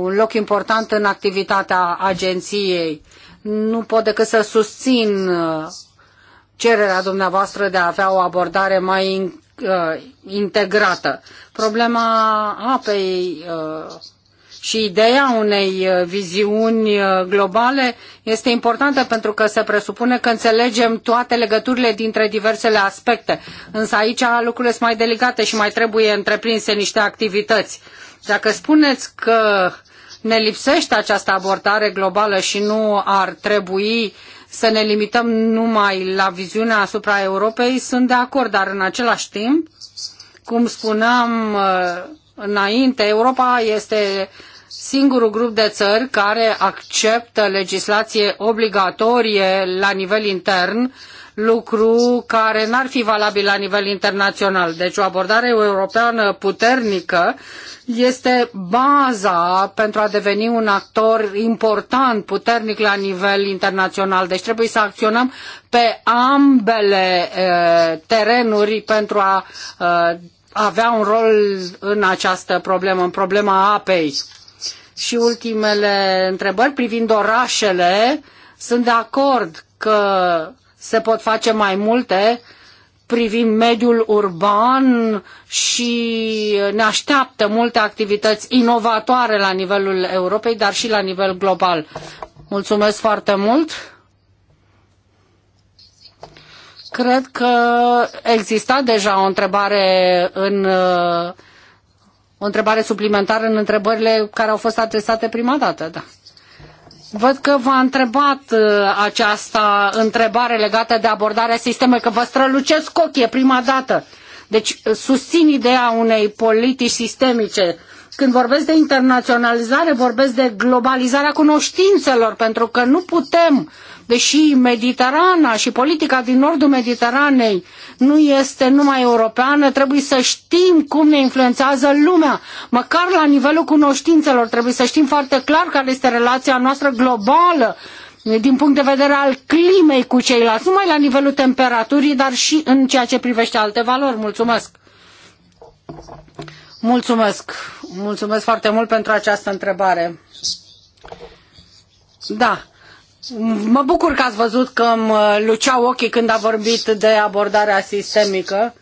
un loc important în activitatea agenției. Nu pot decât să susțin uh, cererea dumneavoastră de a avea o abordare mai uh, integrată. Problema apei uh, și ideea unei uh, viziuni uh, globale este importantă pentru că se presupune că înțelegem toate legăturile dintre diversele aspecte. Însă aici lucrurile sunt mai delicate și mai trebuie întreprinse niște activități. Dacă spuneți că ne lipsește această abordare globală și nu ar trebui uh, să ne limităm numai la viziunea asupra Europei, sunt de acord, dar în același timp, cum spuneam uh, înainte, Europa este singurul grup de țări care acceptă legislație obligatorie la nivel intern lucru care n-ar fi valabil la nivel internațional. Deci o abordare europeană puternică este baza pentru a deveni un actor important, puternic la nivel internațional. Deci trebuie să acționăm pe ambele eh, terenuri pentru a eh, avea un rol în această problemă, în problema apei. Și ultimele întrebări privind orașele, sunt de acord că se pot face mai multe privind mediul urban și ne așteaptă multe activități inovatoare la nivelul Europei, dar și la nivel global. Mulțumesc foarte mult! Cred că exista deja o întrebare în o întrebare suplimentară în întrebările care au fost adresate prima dată, da. Văd că v-a întrebat uh, această întrebare legată de abordarea sistemului, că vă strălucesc ochii prima dată. Deci uh, susțin ideea unei politici sistemice. Când vorbesc de internaționalizare, vorbesc de globalizarea cunoștințelor, pentru că nu putem deși Mediterana și politica din nordul Mediteranei nu este numai europeană, trebuie să știm cum ne influențează lumea. Măcar la nivelul cunoștințelor trebuie să știm foarte clar care este relația noastră globală din punct de vedere al climei cu ceilalți, numai la nivelul temperaturii, dar și în ceea ce privește alte valori. Mulțumesc! Mulțumesc! Mulțumesc foarte mult pentru această întrebare. Da, Mă bucur că ați văzut că îmi luceau ochii când a vorbit de abordarea sistemică.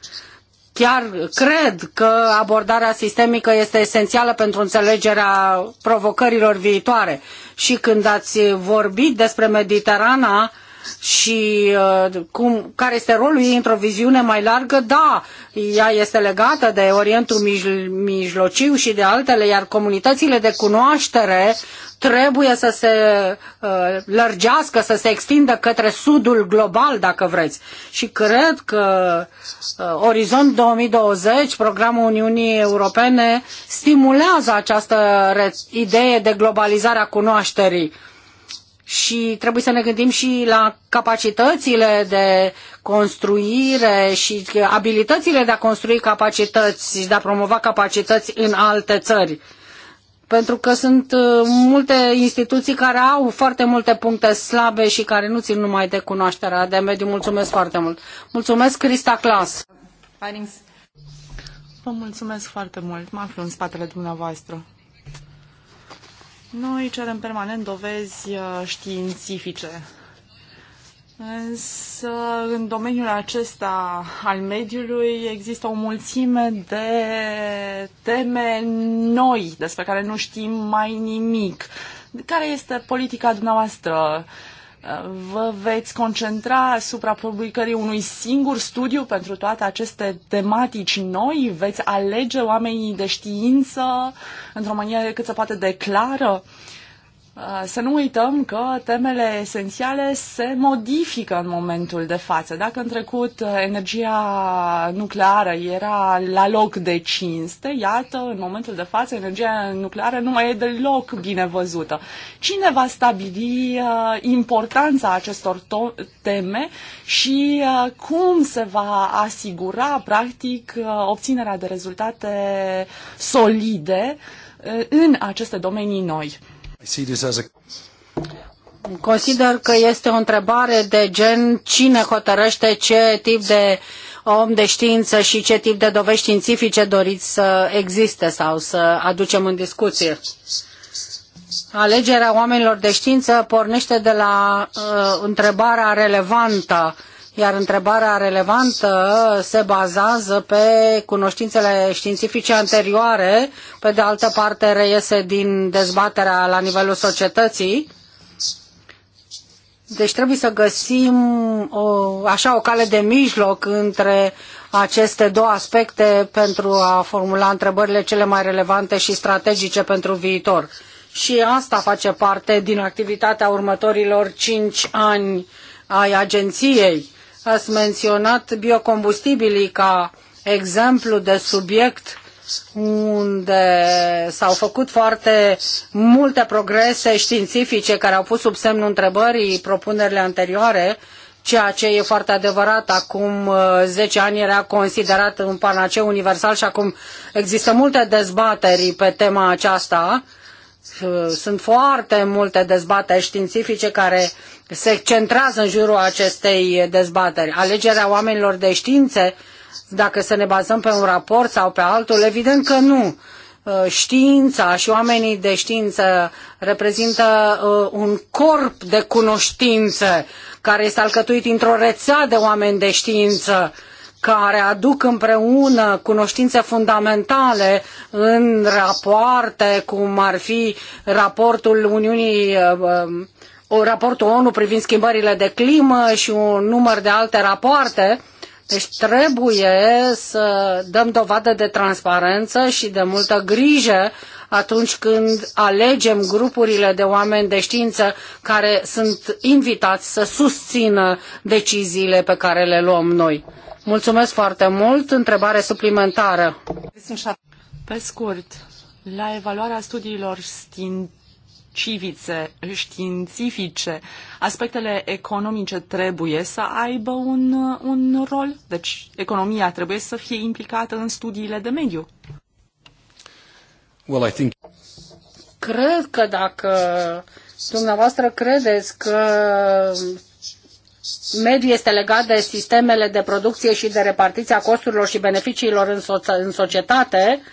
Chiar cred că abordarea sistemică este esențială pentru înțelegerea provocărilor viitoare. Și când ați vorbit despre Mediterana, și uh, cum, care este rolul ei într-o viziune mai largă, da, ea este legată de Orientul Mijlociu și de altele, iar comunitățile de cunoaștere trebuie să se uh, lărgească, să se extindă către sudul global, dacă vreți. Și cred că uh, Orizont 2020, programul Uniunii Europene, stimulează această idee de globalizare a cunoașterii. Uh, și trebuie să ne gândim și la capacitățile de construire și abilitățile de a construi capacități și de a promova capacități în alte țări. Pentru că sunt uh, multe instituții care au foarte multe puncte slabe și care nu țin numai de cunoașterea de mediu. Mulțumesc foarte mult. Mulțumesc, Crista Clas. Vă mulțumesc foarte mult. Mă aflu în spatele dumneavoastră. Noi cerem permanent dovezi uh, științifice. Însă, în domeniul acesta al mediului există o mulțime de teme noi despre care nu știm mai nimic. Care este politica dumneavoastră? Uh, Vă veți concentra asupra publicării unui singur studiu pentru toate aceste tematici noi? Veți alege oamenii de știință într-o manieră cât se poate de clară? Uh, Uh, să nu uităm că temele esențiale se modifică în momentul de față. Dacă în trecut uh, energia nucleară era la loc de cinste, iată, în momentul de față energia nucleară nu mai e deloc bine văzută. Cine va stabili uh, importanța acestor teme și cum se va asigura, practic, obținerea de rezultate solide în aceste domenii noi? Consider că este o întrebare de gen cine hotărăște ce tip de om de știință și ce tip de dovești științifice doriți să existe sau să aducem în discuție. Alegerea oamenilor de știință pornește de la uh, întrebarea relevantă uh, iar întrebarea relevantă se bazează pe cunoștințele științifice anterioare, pe de altă parte reiese din dezbaterea la nivelul societății. Deci trebuie să găsim o, așa o cale de mijloc între aceste două aspecte pentru a formula întrebările cele mai relevante și strategice pentru viitor. Și asta face parte din activitatea următorilor cinci ani ai agenției. Ați menționat biocombustibilii ca exemplu de subiect unde s-au făcut foarte multe progrese științifice care au pus sub semnul întrebării propunerile anterioare, ceea ce e foarte adevărat. Acum 10 uh, ani era considerat un panaceu universal și acum există multe dezbateri pe tema aceasta sunt foarte multe dezbateri științifice care se centrează în jurul acestei dezbateri. Alegerea oamenilor de științe, dacă să ne bazăm pe un raport sau pe altul, evident că nu uh, știința și oamenii de știință reprezintă uh, un corp de cunoștință care este alcătuit într o rețea de oameni de știință care aduc împreună cunoștințe fundamentale în rapoarte, cum ar fi raportul Uniunii uh, uh, raportul ONU privind schimbările de climă și un număr de alte rapoarte deci trebuie să dăm dovadă de transparență și de multă grijă atunci când alegem grupurile de oameni de știință care sunt invitați să susțină deciziile pe care le luăm noi. Mulțumesc foarte mult. Întrebare suplimentară. Pe scurt, la evaluarea studiilor civice, științifice, aspectele economice trebuie să aibă un, un rol? Deci economia trebuie să fie implicată în studiile de mediu. Well, I think... Cred că dacă dumneavoastră credeți că mediul este legat de sistemele de producție și de repartiția costurilor și beneficiilor în, so- în societate, uh,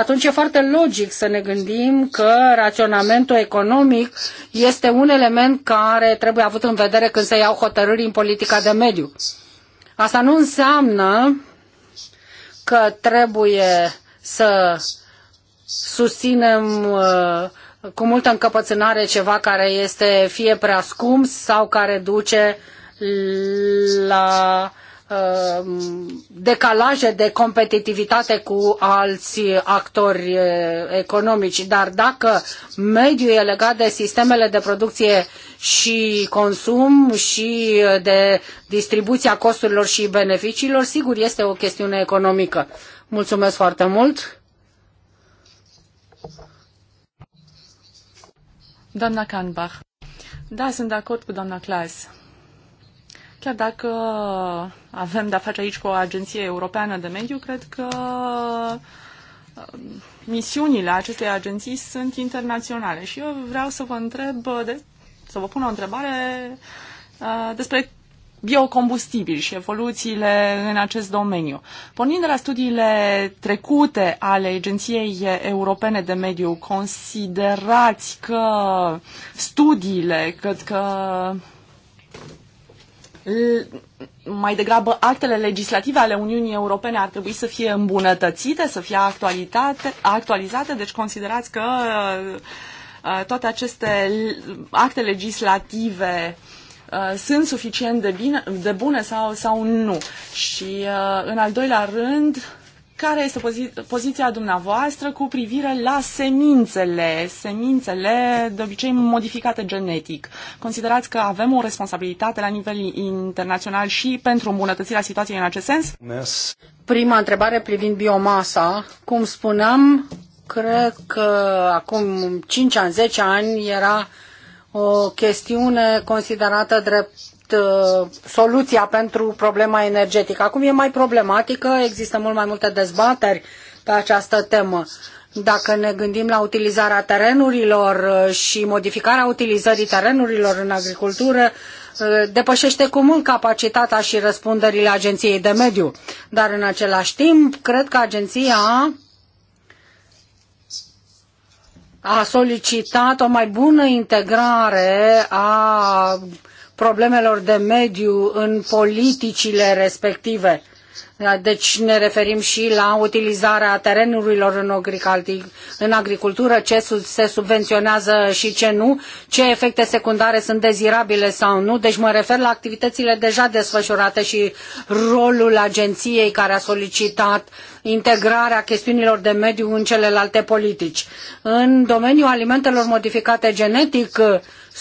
atunci e foarte logic să ne gândim că raționamentul economic este un element care trebuie avut în vedere când se iau hotărâri în politica de mediu. Asta nu înseamnă că trebuie să susținem uh, cu multă încăpățânare ceva care este fie prea scump sau care duce la uh, Um, decalaje de competitivitate cu alți actori uh, economici, dar dacă mediul e legat de sistemele de producție și consum și uh, de distribuția costurilor și beneficiilor, sigur este o chestiune economică. Mulțumesc foarte mult! Doamna Canbach. Da, sunt de acord cu doamna Claes. Chiar dacă avem de-a face aici cu o agenție europeană de mediu, cred că um, misiunile acestei agenții sunt internaționale și eu vreau să vă întreb, de, să vă pun o întrebare uh, despre biocombustibili și evoluțiile în acest domeniu. Pornind de la studiile trecute ale Agenției Europene de Mediu, considerați că studiile, cred că, că mai degrabă actele legislative ale Uniunii Europene ar trebui să fie îmbunătățite, să fie actualizate, deci considerați că uh, uh, toate aceste acte legislative uh, sunt suficient de, bine, de bune sau, sau nu. Și în al doilea rând, care este pozi- poziția dumneavoastră cu privire la semințele, semințele de obicei modificate genetic. Considerați că avem o responsabilitate la nivel internațional și pentru îmbunătățirea situației în acest sens? Yes. Prima întrebare privind biomasa. Cum spuneam, cred că acum 5 ani, 10 ani era o chestiune considerată drept fapt uh, soluția pentru problema energetică. Acum e mai problematică, există mult mai multe dezbateri pe această temă. Dacă ne gândim la utilizarea terenurilor uh, și modificarea utilizării terenurilor în agricultură, uh, depășește cu mult capacitatea și răspunderile Agenției de Mediu. Dar în același timp, cred că agenția a solicitat o mai bună integrare a problemelor de mediu în politicile respective. Deci ne referim și la utilizarea terenurilor în agricultură, ce se subvenționează și ce nu, ce efecte secundare sunt dezirabile sau nu. Deci mă refer la activitățile deja desfășurate și rolul agenției care a solicitat integrarea chestiunilor de mediu în celelalte politici. În domeniul alimentelor modificate genetic,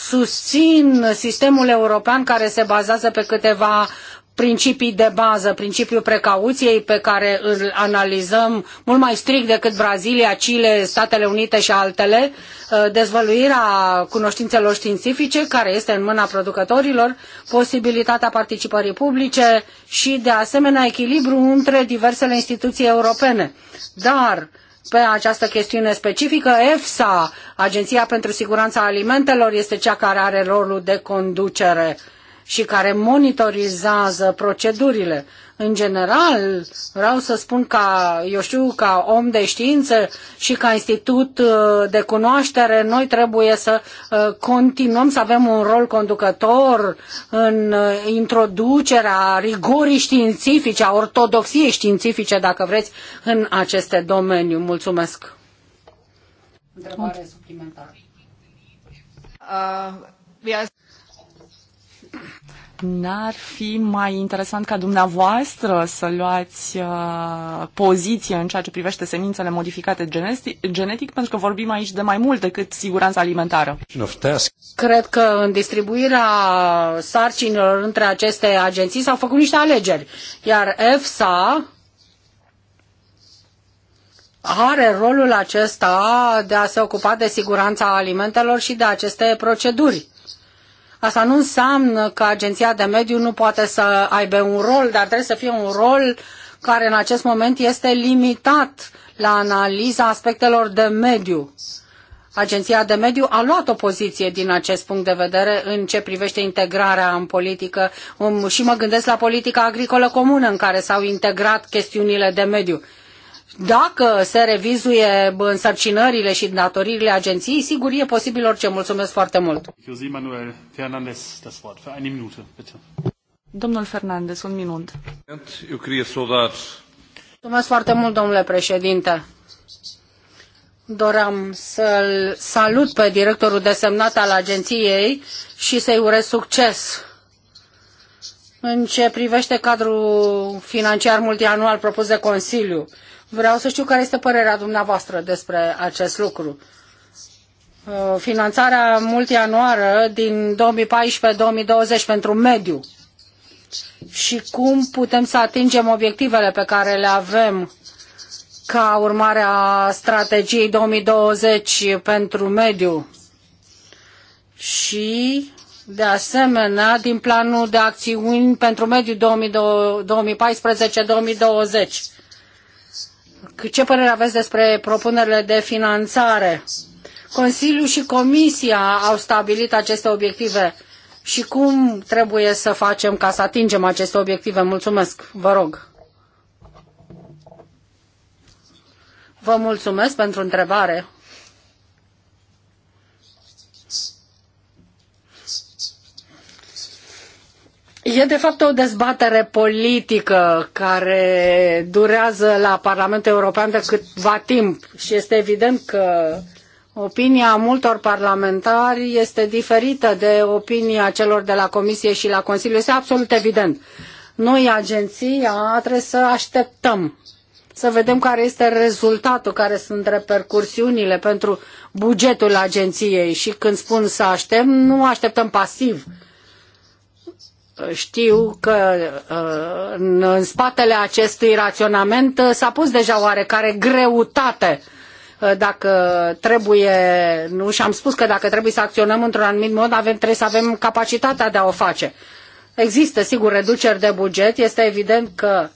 susțin sistemul european care se bazează pe câteva principii de bază, principiul precauției pe care îl analizăm mult mai strict decât Brazilia, Chile, Statele Unite și altele, uh, dezvăluirea cunoștințelor științifice care este în mâna producătorilor, posibilitatea participării publice și de asemenea echilibru între diversele instituții europene. Dar pe această chestiune specifică. EFSA, Agenția pentru Siguranța Alimentelor, este cea care are rolul de conducere și care monitorizează procedurile în general, vreau să spun ca, eu știu, ca om de știință și ca institut uh, de cunoaștere, noi trebuie să uh, continuăm să avem un rol conducător în uh, introducerea rigorii științifice, a ortodoxiei științifice, dacă vreți, în aceste domeniu. Mulțumesc! Întrebare suplimentară. Uh, yes. N-ar fi mai interesant ca dumneavoastră să luați uh, poziție în ceea ce privește semințele modificate genetic, genetic, pentru că vorbim aici de mai mult decât siguranța alimentară. Cred că în distribuirea sarcinilor între aceste agenții s-au făcut niște alegeri, iar EFSA are rolul acesta de a se ocupa de siguranța alimentelor și de aceste proceduri Asta nu înseamnă că Agenția de Mediu nu poate să aibă un rol, dar trebuie să fie un rol care în acest moment este limitat la analiza aspectelor de mediu. Agenția de Mediu a luat o poziție din acest punct de vedere în ce privește integrarea în politică um, și mă gândesc la politica agricolă comună în care s-au integrat chestiunile de mediu dacă se revizuie însărcinările și datoririle agenției, sigur e posibil orice. Mulțumesc foarte mult. Manuel Fernandez, das Wort für eine Minute, bitte. Domnul Fernandez, un minut. Eu Mulțumesc foarte mult, domnule președinte. Doream să-l salut pe directorul desemnat al agenției și să-i urez succes în ce privește cadrul financiar multianual propus de Consiliu. Vreau să știu care este părerea dumneavoastră despre acest lucru. Uh, finanțarea multianuară din 2014-2020 pentru mediu și cum putem să atingem obiectivele pe care le avem ca urmare a strategiei 2020 pentru mediu și de asemenea din planul de acțiuni pentru mediu 2014-2020 ce părere aveți despre propunerile de finanțare? Consiliul și Comisia au stabilit aceste obiective și cum trebuie să facem ca să atingem aceste obiective? Mulțumesc, vă rog. Vă mulțumesc pentru întrebare. E de fapt o dezbatere politică care durează la Parlamentul European de câtva timp și este evident că opinia multor parlamentari este diferită de opinia celor de la Comisie și la Consiliu. Este absolut evident. Noi, agenția, trebuie să așteptăm să vedem care este rezultatul, care sunt repercursiunile pentru bugetul agenției și când spun să aștept, nu așteptăm pasiv. Știu că uh, în spatele acestui raționament uh, s-a pus deja oarecare greutate uh, dacă trebuie, nu și am spus că dacă trebuie să acționăm într-un anumit mod, avem, trebuie să avem capacitatea de a o face. Există, sigur, reduceri de buget, este evident că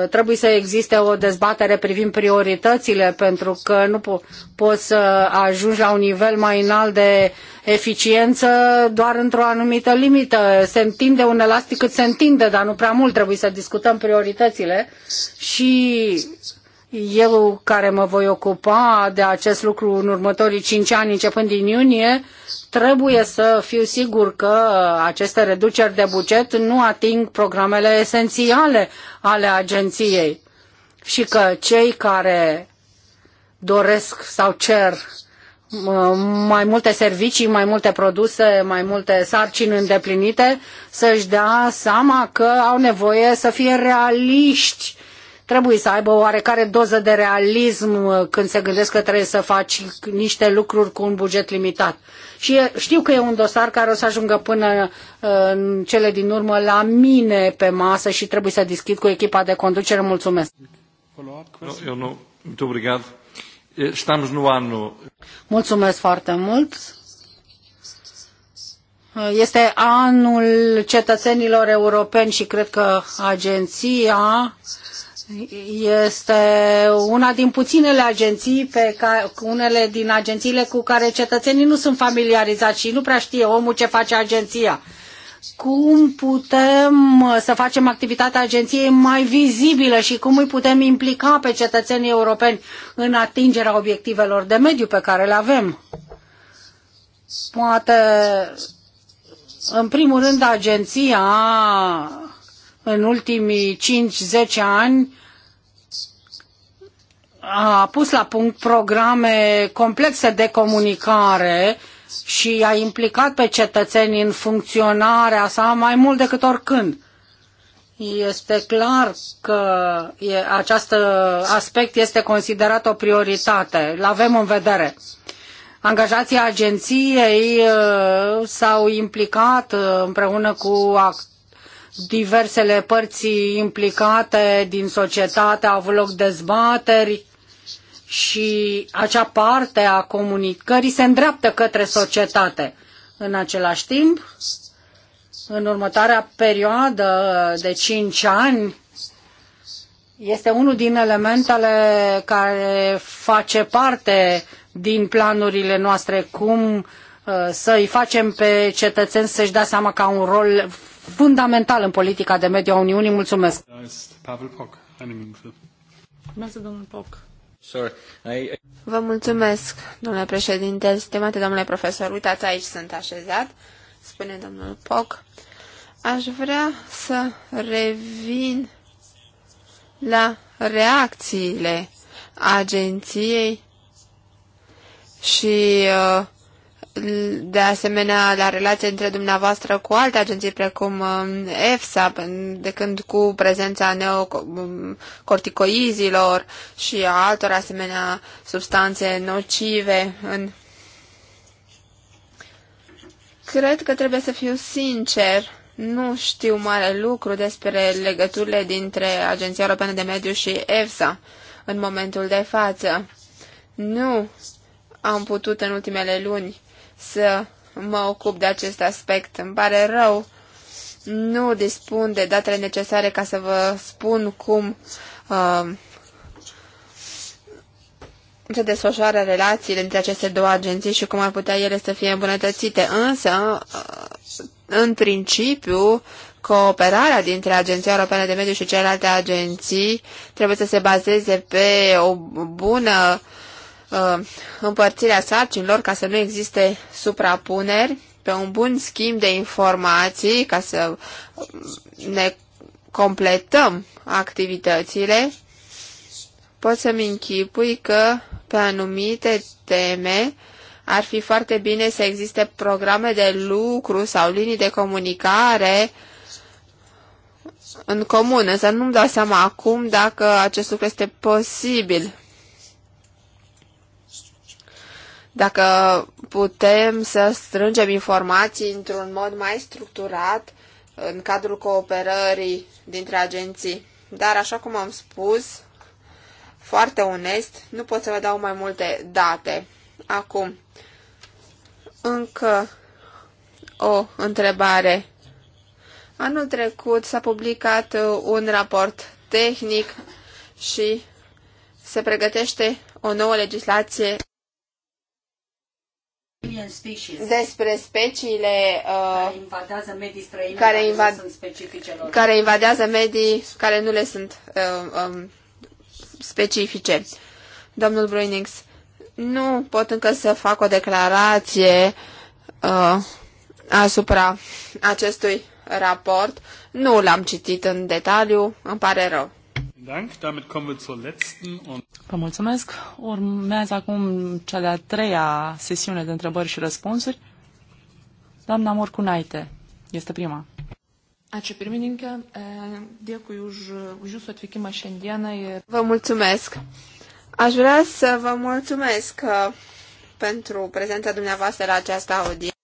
Uh, trebuie să existe o dezbatere privind prioritățile, pentru că nu po- poți să ajungi la un nivel mai înalt de eficiență doar într-o anumită limită. Se întinde un elastic cât se întinde, dar nu prea mult. Trebuie să discutăm prioritățile și eu care mă voi ocupa de acest lucru în următorii cinci ani, începând din iunie, trebuie să fiu sigur că aceste reduceri de buget nu ating programele esențiale ale agenției și că cei care doresc sau cer mai multe servicii, mai multe produse, mai multe sarcini îndeplinite, să-și dea seama că au nevoie să fie realiști trebuie să aibă o oarecare doză de realism uh, când se gândesc că trebuie să faci niște lucruri cu un buget limitat. Și știu că e un dosar care o să ajungă până uh, în cele din urmă la mine pe masă și trebuie să discut cu echipa de conducere. Mulțumesc. Eu nu. Muito obrigado. Eh, estamos no ano. Mulțumesc foarte mult. Uh, este anul cetățenilor europeni și cred că agenția este una din puținele agenții pe care, unele din agențiile cu care cetățenii nu sunt familiarizați și nu prea știe omul ce face agenția. Cum putem uh, să facem activitatea agenției mai vizibilă și cum îi putem implica pe cetățenii europeni în atingerea obiectivelor de mediu pe care le avem? Poate, în primul rând, agenția în ultimii 5-10 ani a pus la punct programe complexe de comunicare și a implicat pe cetățeni în funcționarea sa mai mult decât oricând. Este clar că acest aspect este considerat o prioritate. L-avem în vedere. Angajații agenției uh, s-au implicat uh, împreună cu diversele părți implicate din societate, au avut loc dezbateri și acea parte a comunicării se îndreaptă către societate. În același timp, în următoarea perioadă de 5 ani, este unul din elementele care face parte din planurile noastre, cum uh, să-i facem pe cetățeni să-și dea seama că au un rol fundamental în politica de mediu a Uniunii. Mulțumesc! Mulțumesc, domnul Poc. Vă mulțumesc, domnule președinte, stimate domnule profesor. Uitați, aici sunt așezat, spune domnul Poc. Aș vrea să revin la reacțiile agenției și uh, de asemenea la relația dintre dumneavoastră cu alte agenții precum um, EFSA, de când cu prezența neocorticoizilor și a altor asemenea substanțe nocive în Cred că trebuie să fiu sincer. Nu știu mare lucru despre legăturile dintre Agenția Europeană de Mediu și EFSA în momentul de față. Nu am putut în ultimele luni să mă ocup de acest aspect. Îmi pare rău, nu dispun de datele necesare ca să vă spun cum uh, se desfășoară relațiile între aceste două agenții și cum ar putea ele să fie îmbunătățite. Însă, uh, în principiu, cooperarea dintre Agenția Europeană de Mediu și celelalte agenții trebuie să se bazeze pe o bună uh, uh, împărțirea sarcinilor ca să nu existe suprapuneri, pe un bun schimb de informații ca să uh, ne completăm activitățile, pot să-mi închipui că pe anumite teme ar fi foarte bine să existe programe de lucru sau linii de comunicare în comun, însă nu-mi dau seama acum dacă acest lucru este posibil dacă putem să strângem informații într-un mod mai structurat în cadrul cooperării dintre agenții. Dar, așa cum am spus, foarte onest, nu pot să vă dau mai multe date. Acum, încă o întrebare. Anul trecut s-a publicat uh, un raport tehnic și se pregătește o nouă legislație despre speciile uh, care invadează medii care, invad... care invadează medii care nu le sunt uh, um, specifice. Domnul Bruinings, nu pot încă să fac o declarație uh, asupra acestui raport. Nu l-am citit în detaliu, îmi pare rău. Vă mulțumesc. Urmează acum cea de-a treia sesiune de întrebări și răspunsuri. Doamna Morcunaite este prima. Ačiū pirmininkė, dėkui už, už jūsų atvykimą šiandieną. Ir... Vă mulțumesc. Aș vrea să vă mulțumesc uh, pentru prezența dumneavoastră la această audiență.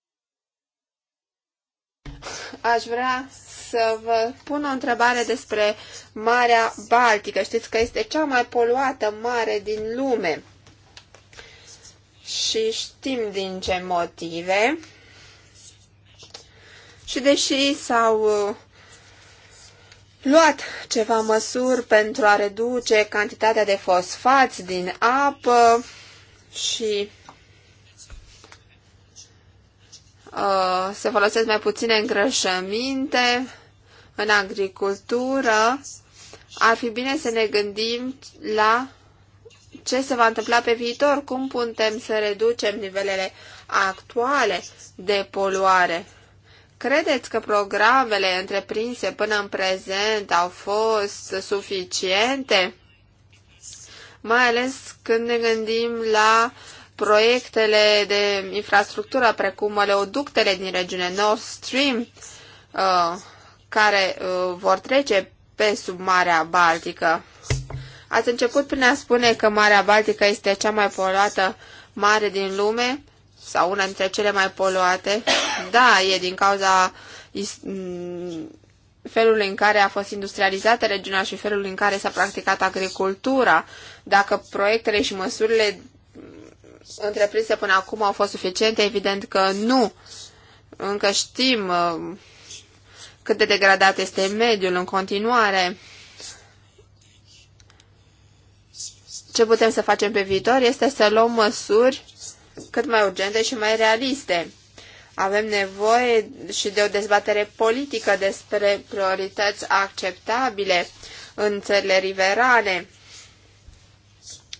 Aș vrea să vă pun o întrebare despre Marea Baltică. Știți că este cea mai poluată mare din lume. Și știm din ce motive. Și deși s-au uh, luat ceva măsuri pentru a reduce cantitatea de fosfați din apă și uh, se folosesc mai puține îngrășăminte, în agricultură, ar fi bine să ne gândim la ce se va întâmpla pe viitor, cum putem să reducem nivelele actuale de poluare. Credeți că programele întreprinse până în prezent au fost suficiente? Mai ales când ne gândim la proiectele de infrastructură precum oleoductele din regiune Nord Stream, uh, care uh, vor trece pe sub Marea Baltică. Ați început prin a spune că Marea Baltică este cea mai poluată mare din lume sau una dintre cele mai poluate. Da, e din cauza mm, felul în care a fost industrializată regiunea și felul în care s-a practicat agricultura. Dacă proiectele și măsurile întreprinse până acum au fost suficiente, evident că nu. Încă știm uh, cât de degradat este mediul în continuare. Ce putem să facem pe viitor este să luăm măsuri cât mai urgente și mai realiste. Avem nevoie și de o dezbatere politică despre priorități acceptabile în țările riverane,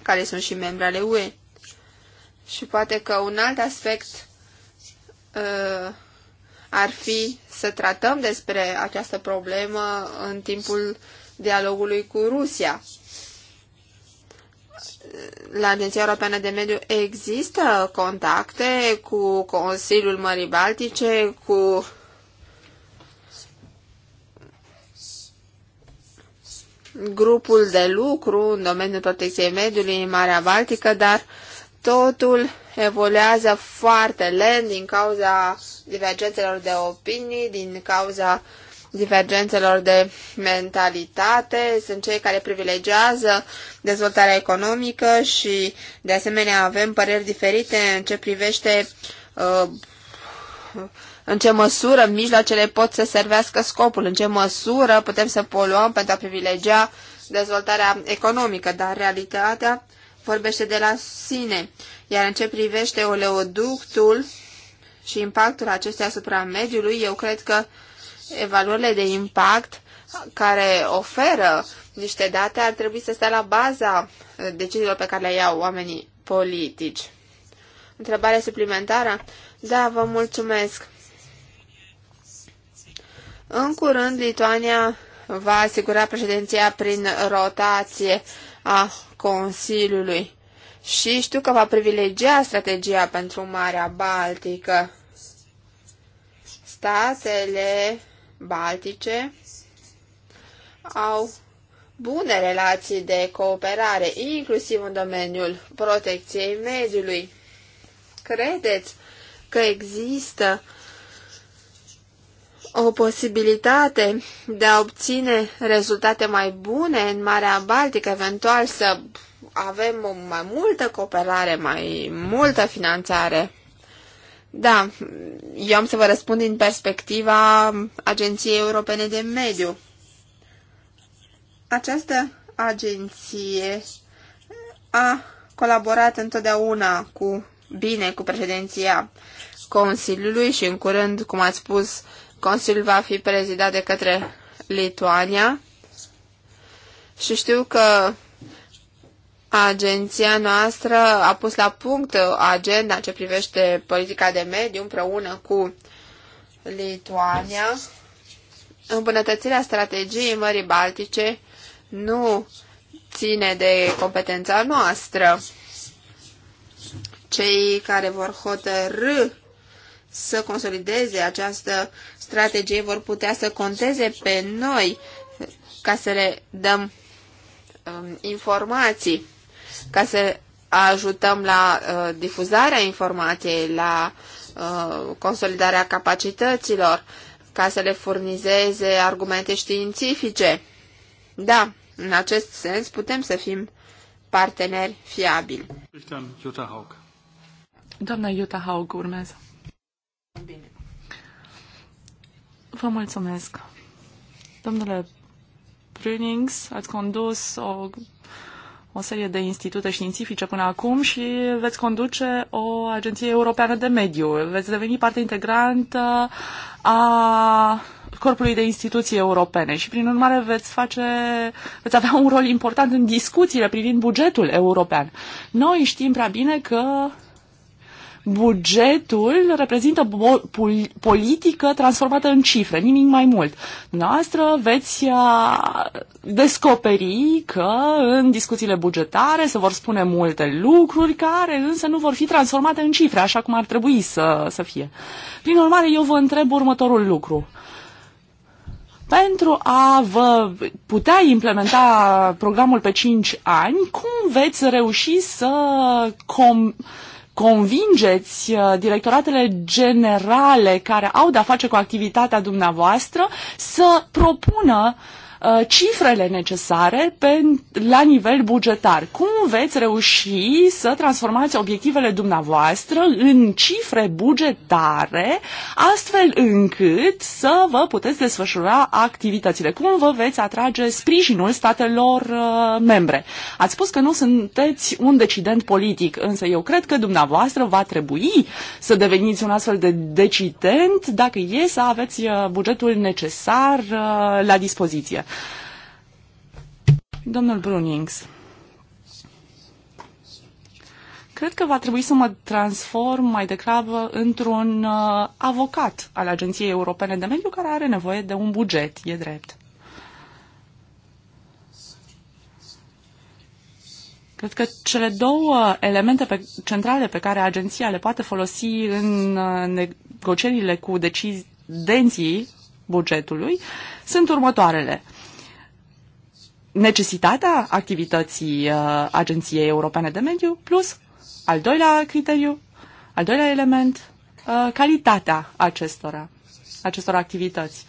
care sunt și membre ale UE. Și poate că un alt aspect uh, ar fi să tratăm despre această problemă în timpul dialogului cu Rusia. La Agenția Europeană de Mediu există contacte cu Consiliul Mării Baltice, cu grupul de lucru în domeniul protecției mediului în Marea Baltică, dar uh, Totul evoluează foarte lent din cauza divergențelor de opinii, din cauza divergențelor de mentalitate. Sunt cei care privilegiază dezvoltarea economică și, de asemenea, avem păreri diferite în ce privește uh, în ce măsură mijloacele pot să servească scopul, în ce măsură putem să poluăm pentru a privilegia dezvoltarea economică, dar realitatea vorbește de la sine, iar în ce privește oleoductul și impactul acestuia asupra mediului, eu cred că evaluările de impact care oferă niște date ar trebui să stea la baza uh, deciziilor pe care le iau oamenii politici. Întrebare suplimentară? Da, vă mulțumesc. În curând, Lituania va asigura președinția prin rotație a Consiliului și știu că va privilegia strategia pentru Marea Baltică. Statele baltice au bune relații de cooperare, inclusiv în domeniul protecției mediului. Credeți că există o posibilitate de a obține rezultate mai bune în Marea Baltică, eventual să avem mai multă cooperare, mai multă finanțare. Da, eu am să vă răspund din perspectiva Agenției Europene de Mediu. Această agenție a colaborat întotdeauna cu bine cu președinția Consiliului și în curând, cum ați spus, Consiliul va fi prezidat de către Lituania și știu că agenția noastră a pus la punct agenda ce privește politica de mediu împreună cu Lituania. Îmbunătățirea strategiei Mării Baltice nu ține de competența noastră. Cei care vor hotărâ să consolideze această strategiei vor putea să conteze pe noi ca să le dăm um, informații, ca să ajutăm la uh, difuzarea informației, la uh, consolidarea capacităților, ca să le furnizeze argumente științifice. Da, în acest sens putem să fim parteneri fiabili. Doamna Iuta Haug urmează. Bine. Vă mulțumesc. Domnule Brunings, ați condus o, o serie de institute științifice până acum și veți conduce o agenție europeană de mediu. Veți deveni parte integrantă a corpului de instituții europene și prin urmare veți face, veți avea un rol important în discuțiile privind bugetul european. Noi știm prea bine că bugetul reprezintă politică transformată în cifre, nimic mai mult. Noastră veți uh, descoperi că în discuțiile bugetare se vor spune multe lucruri care însă nu vor fi transformate în cifre, așa cum ar trebui să, să fie. Prin urmare, eu vă întreb următorul lucru pentru a vă putea implementa programul pe 5 ani, cum veți reuși să, com- convingeți uh, directoratele generale care au de-a face cu activitatea dumneavoastră să propună uh, Uh, cifrele necesare pe, la nivel bugetar. Cum veți reuși să transformați obiectivele dumneavoastră în cifre bugetare, astfel încât să vă puteți desfășura activitățile? Cum vă veți atrage sprijinul statelor uh, membre? Ați spus că nu sunteți un decident politic, însă eu cred că dumneavoastră va trebui să deveniți un astfel de decident dacă e să aveți uh, bugetul necesar uh, la dispoziție. Domnul Brunings, cred că va trebui să mă transform mai degrabă într-un uh, avocat al Agenției Europene de Mediu care are nevoie de un buget, e drept. Cred că cele două elemente pe, centrale pe care agenția le poate folosi în uh, negocierile cu decidenții bugetului sunt următoarele necesitatea activității uh, Agenției Europene de Mediu plus al doilea criteriu, al doilea element, uh, calitatea acestora, acestor activități.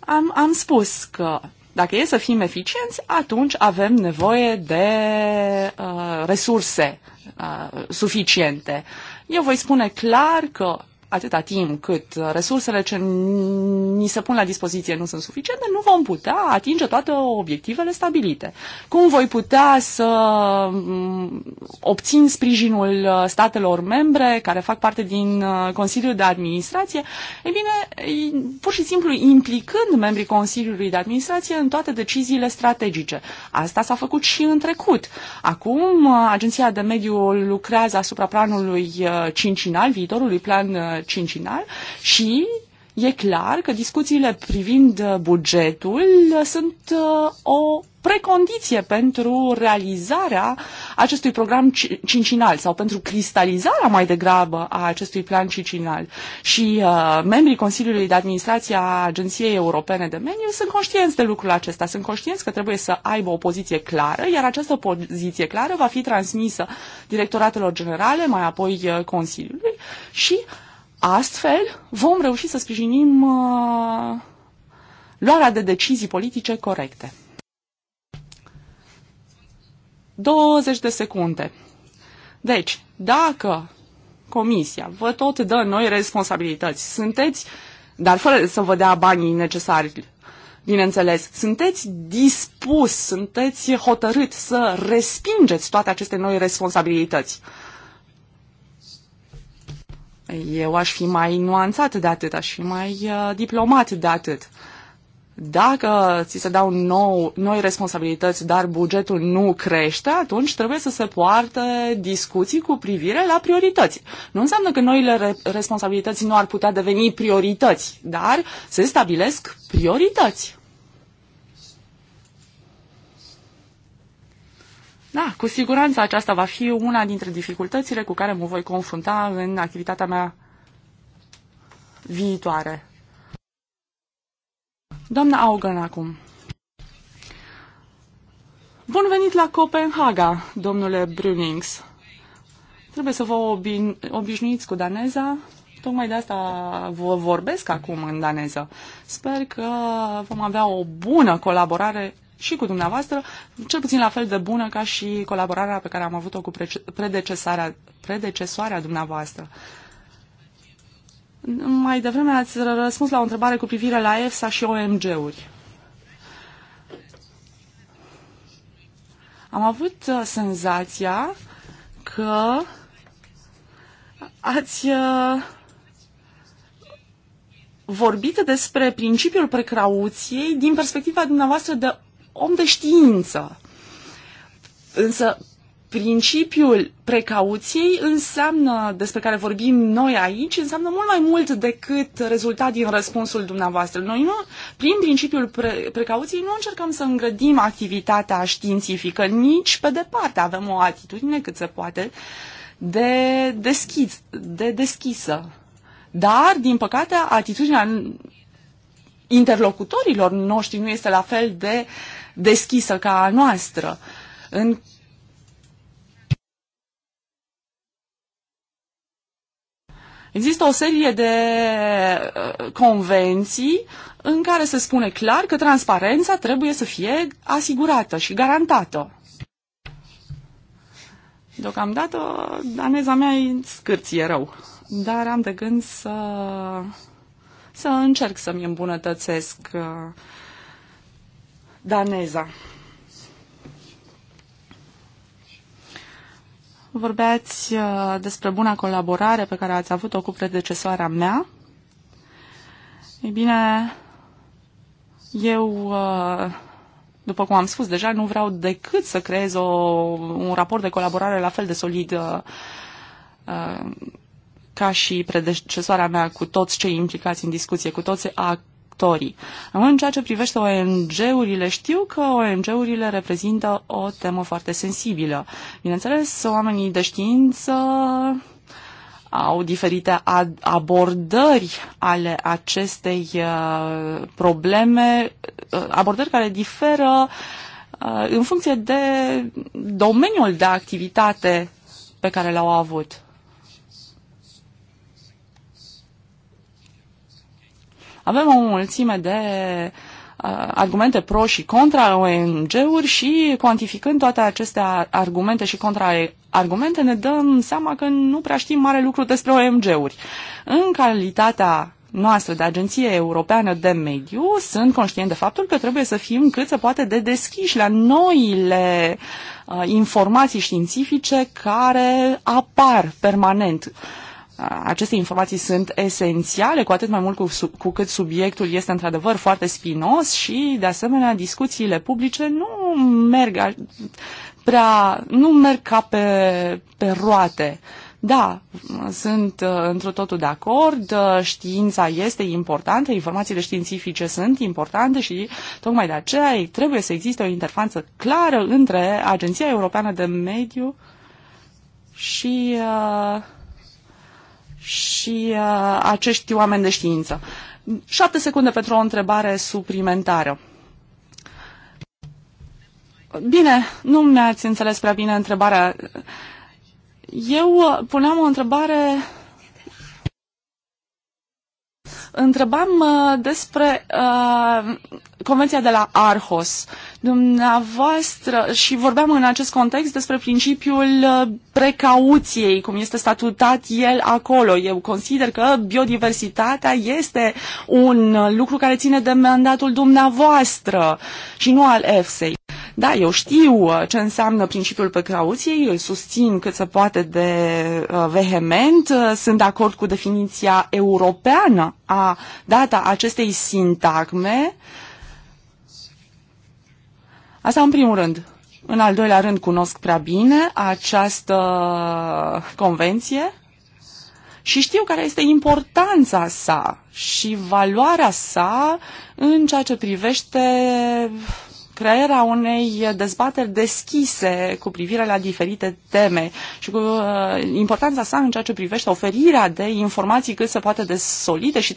Am, am spus că dacă e să fim eficienți, atunci avem nevoie de uh, resurse uh, suficiente. Eu voi spune clar că atâta timp cât resursele ce ni se pun la dispoziție nu sunt suficiente, nu vom putea atinge toate obiectivele stabilite. Cum voi putea să mm, obțin sprijinul statelor membre care fac parte din uh, Consiliul de Administrație? Ei bine, pur și simplu implicând membrii Consiliului de Administrație în toate deciziile strategice. Asta s-a făcut și în trecut. Acum, uh, Agenția de Mediu lucrează asupra planului uh, cincinal, viitorului plan cincinal și e clar că discuțiile privind uh, bugetul uh, sunt uh, o precondiție pentru realizarea acestui program cincinal sau pentru cristalizarea mai degrabă a acestui plan cincinal. Și uh, membrii Consiliului de Administrație a Agenției Europene de Mediu sunt conștienți de lucrul acesta, sunt conștienți că trebuie să aibă o poziție clară, iar această poziție clară va fi transmisă directoratelor generale, mai apoi Consiliului și uh, Astfel, vom reuși să sprijinim uh, luarea de decizii politice corecte. 20 de secunde. Deci, dacă Comisia vă tot dă noi responsabilități, sunteți, dar fără să vă dea banii necesari, bineînțeles, sunteți dispus, sunteți hotărât să respingeți toate aceste noi responsabilități. Uh, eu aș fi mai nuanțat de atât, aș fi mai uh, diplomat de atât. Dacă ți se dau nou, noi responsabilități, dar bugetul nu crește, atunci trebuie să se poartă discuții cu privire la priorități. Nu înseamnă că noile re- responsabilități nu ar putea deveni priorități, dar se stabilesc priorități. Da, cu siguranță aceasta va fi una dintre dificultățile cu care mă voi confrunta în activitatea mea viitoare. Doamna Augan acum. Bun venit la Copenhaga, domnule Brunings. Trebuie să vă obi obișnuiți cu daneza. Tocmai de asta vă vorbesc acum în daneză. Sper că vom avea o bună colaborare și cu dumneavoastră, cel puțin la fel de bună ca și colaborarea pe care am avut-o cu predecesoarea, predecesoarea dumneavoastră. Mai devreme ați răspuns la o întrebare cu privire la EFSA și OMG-uri. Am avut uh, senzația că ați uh, vorbit despre principiul precrauției din perspectiva dumneavoastră de om de știință. Însă principiul precauției înseamnă, despre care vorbim noi aici, înseamnă mult mai mult decât rezultat din răspunsul dumneavoastră. Noi nu, prin principiul pre- precauției nu încercăm să îngrădim activitatea științifică, nici pe departe avem o atitudine cât se poate de, deschis, de deschisă. Dar, din păcate, atitudinea interlocutorilor noștri nu este la fel de deschisă ca a noastră. În Există o serie de uh, convenții în care se spune clar că transparența trebuie să fie asigurată și garantată. Deocamdată daneza mea e scârție rău, dar am de gând să să încerc să-mi îmbunătățesc uh, daneza. Vorbeați uh, despre buna colaborare pe care ați avut-o cu predecesoarea mea. Ei bine, eu, uh, după cum am spus deja, nu vreau decât să creez o, un raport de colaborare la fel de solid ca și predecesoarea mea, cu toți cei implicați în discuție, cu toți actorii. În ceea ce privește ONG-urile, știu că ONG-urile reprezintă o temă foarte sensibilă. Bineînțeles, oamenii de știință au diferite abordări ale acestei uh, probleme, uh, abordări care diferă uh, în funcție de domeniul de activitate pe care l-au avut. Avem o mulțime de argumente pro și contra ONG-uri și cuantificând toate aceste argumente și contra argumente ne dăm seama că nu prea știm mare lucru despre ONG-uri. În calitatea noastră de Agenție Europeană de Mediu sunt conștient de faptul că trebuie să fim cât se poate de deschiși la noile uh, informații științifice care apar permanent. Uh, aceste informații sunt esențiale, cu atât mai mult cu, cu cât subiectul este într-adevăr foarte spinos și, de asemenea, discuțiile publice nu merg prea, nu merg ca pe, pe roate. Da, sunt uh, într totul de acord, uh, știința este importantă, informațiile științifice sunt importante și tocmai de aceea trebuie să existe o interfață clară între Agenția Europeană de Mediu și uh, și uh, acești oameni de știință. Șapte secunde pentru o întrebare suplimentară. Bine, nu mi-ați înțeles prea bine întrebarea. Eu uh, puneam o întrebare întrebam uh, despre uh, Convenția de la Arhos. Dumneavoastră, și vorbeam în acest context despre principiul uh, precauției, cum este statutat el acolo. Eu consider că biodiversitatea este un uh, lucru care ține de mandatul dumneavoastră și nu al EFSEI. Da, eu știu uh, ce înseamnă principiul precauției, îl susțin cât se poate de uh, vehement, uh, sunt de acord cu definiția europeană a data acestei sintagme. Asta în primul rând. În al doilea rând, cunosc prea bine această convenție și știu care este importanța sa și valoarea sa în ceea ce privește crearea unei dezbateri deschise cu privire la diferite teme și cu uh, importanța sa în ceea ce privește oferirea de informații cât se poate de solide și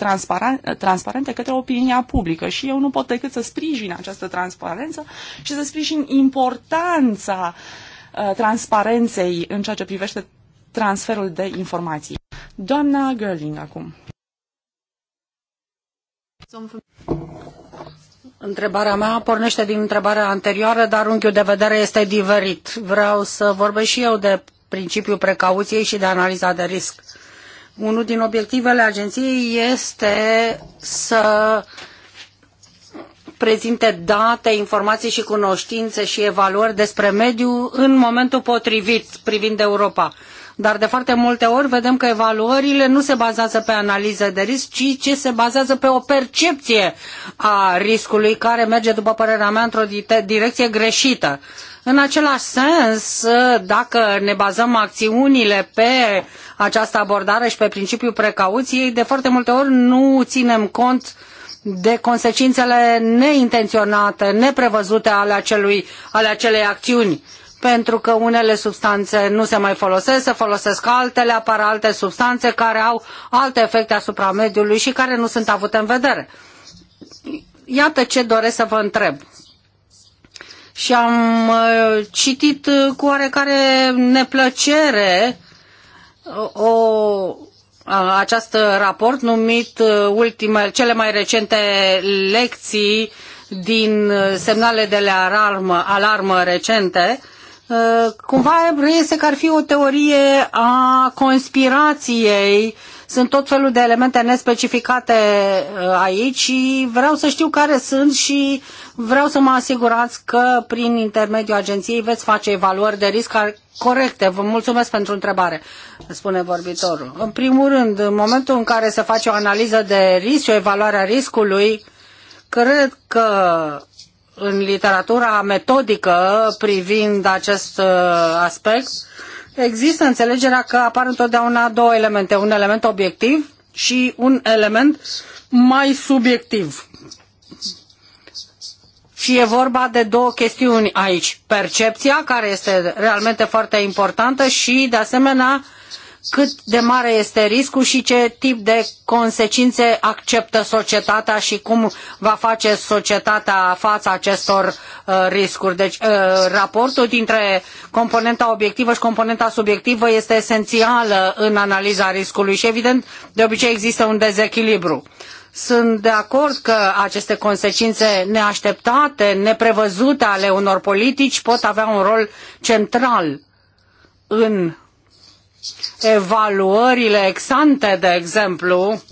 transparente către opinia publică. Și eu nu pot decât să sprijin această transparență și să sprijin importanța uh, transparenței în ceea ce privește transferul de informații. Doamna Görling acum. Întrebarea mea pornește din întrebarea anterioară, dar unghiul de vedere este diferit. Vreau să vorbesc și eu de principiul precauției și de analiza de risc. Unul din obiectivele agenției este să prezinte date, informații și cunoștințe și evaluări despre mediu în momentul potrivit privind Europa dar de foarte multe ori vedem că evaluările nu se bazează pe analize de risc, ci ce se bazează pe o percepție a riscului care merge, după părerea mea, într-o direcție greșită. În același sens, dacă ne bazăm acțiunile pe această abordare și pe principiul precauției, de foarte multe ori nu ținem cont de consecințele neintenționate, neprevăzute ale, acelui, ale acelei acțiuni pentru că unele substanțe nu se mai folosesc, se folosesc altele, apar alte substanțe care au alte efecte asupra mediului și care nu sunt avute în vedere. Iată ce doresc să vă întreb. Și am uh, citit cu oarecare neplăcere uh, o, uh, acest raport numit ultime, cele mai recente lecții din semnale de alarmă, alarmă recente Uh, cumva reiese că ar fi o teorie a conspirației. Sunt tot felul de elemente nespecificate uh, aici și vreau să știu care sunt și vreau să mă asigurați că prin intermediul agenției veți face evaluări de risc corecte. Vă mulțumesc pentru întrebare, spune vorbitorul. În primul rând, în momentul în care se face o analiză de risc și o evaluare a riscului, cred că în literatura metodică privind acest uh, aspect, există înțelegerea că apar întotdeauna două elemente, un element obiectiv și un element mai subiectiv. Și e vorba de două chestiuni aici. Percepția, care este realmente foarte importantă și, de asemenea, uh, cât de mare este riscul și ce tip de consecințe acceptă societatea și cum va face societatea fața acestor uh, riscuri. Deci uh, raportul dintre componenta obiectivă și componenta subiectivă este esențială în analiza riscului și evident de obicei există un dezechilibru. Sunt de acord că aceste consecințe neașteptate, neprevăzute ale unor politici pot avea un rol central în evaluările exante, de exemplu,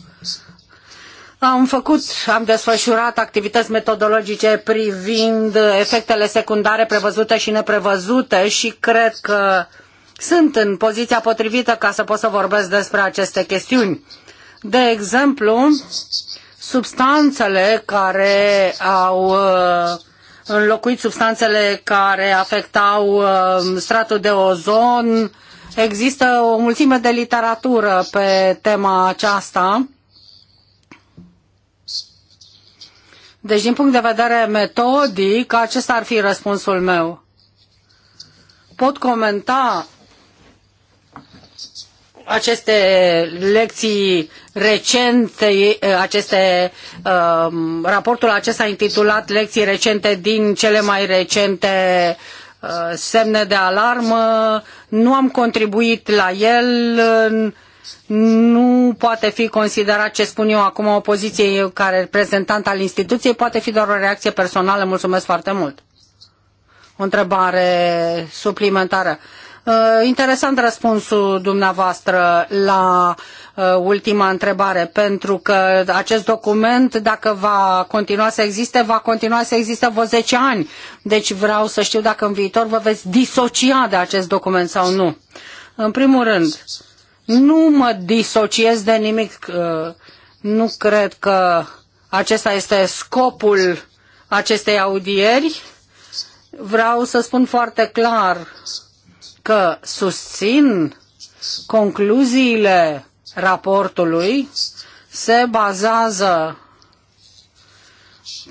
am făcut, am desfășurat activități metodologice privind efectele secundare prevăzute și neprevăzute și cred că sunt în poziția potrivită ca să pot să vorbesc despre aceste chestiuni. De exemplu, substanțele care au uh, înlocuit substanțele care afectau uh, stratul de ozon, Există o mulțime de literatură pe tema aceasta. Deci, din punct de vedere metodic, acesta ar fi răspunsul meu. Pot comenta aceste lecții recente, aceste, um, raportul acesta intitulat Lecții recente din cele mai recente Uh, semne de alarmă, nu am contribuit la el, uh, nu poate fi considerat ce spun eu acum opoziției ca reprezentant al instituției, poate fi doar o reacție personală. Mulțumesc foarte mult. O întrebare suplimentară. Uh, interesant răspunsul dumneavoastră la Uh, ultima întrebare, pentru că acest document, dacă va continua să existe, va continua să existe vă 10 ani. Deci vreau să știu dacă în viitor vă veți disocia de acest document sau nu. În primul rând, nu mă disociez de nimic. Uh, nu cred că acesta este scopul acestei audieri. Vreau să spun foarte clar că susțin concluziile raportului se bazează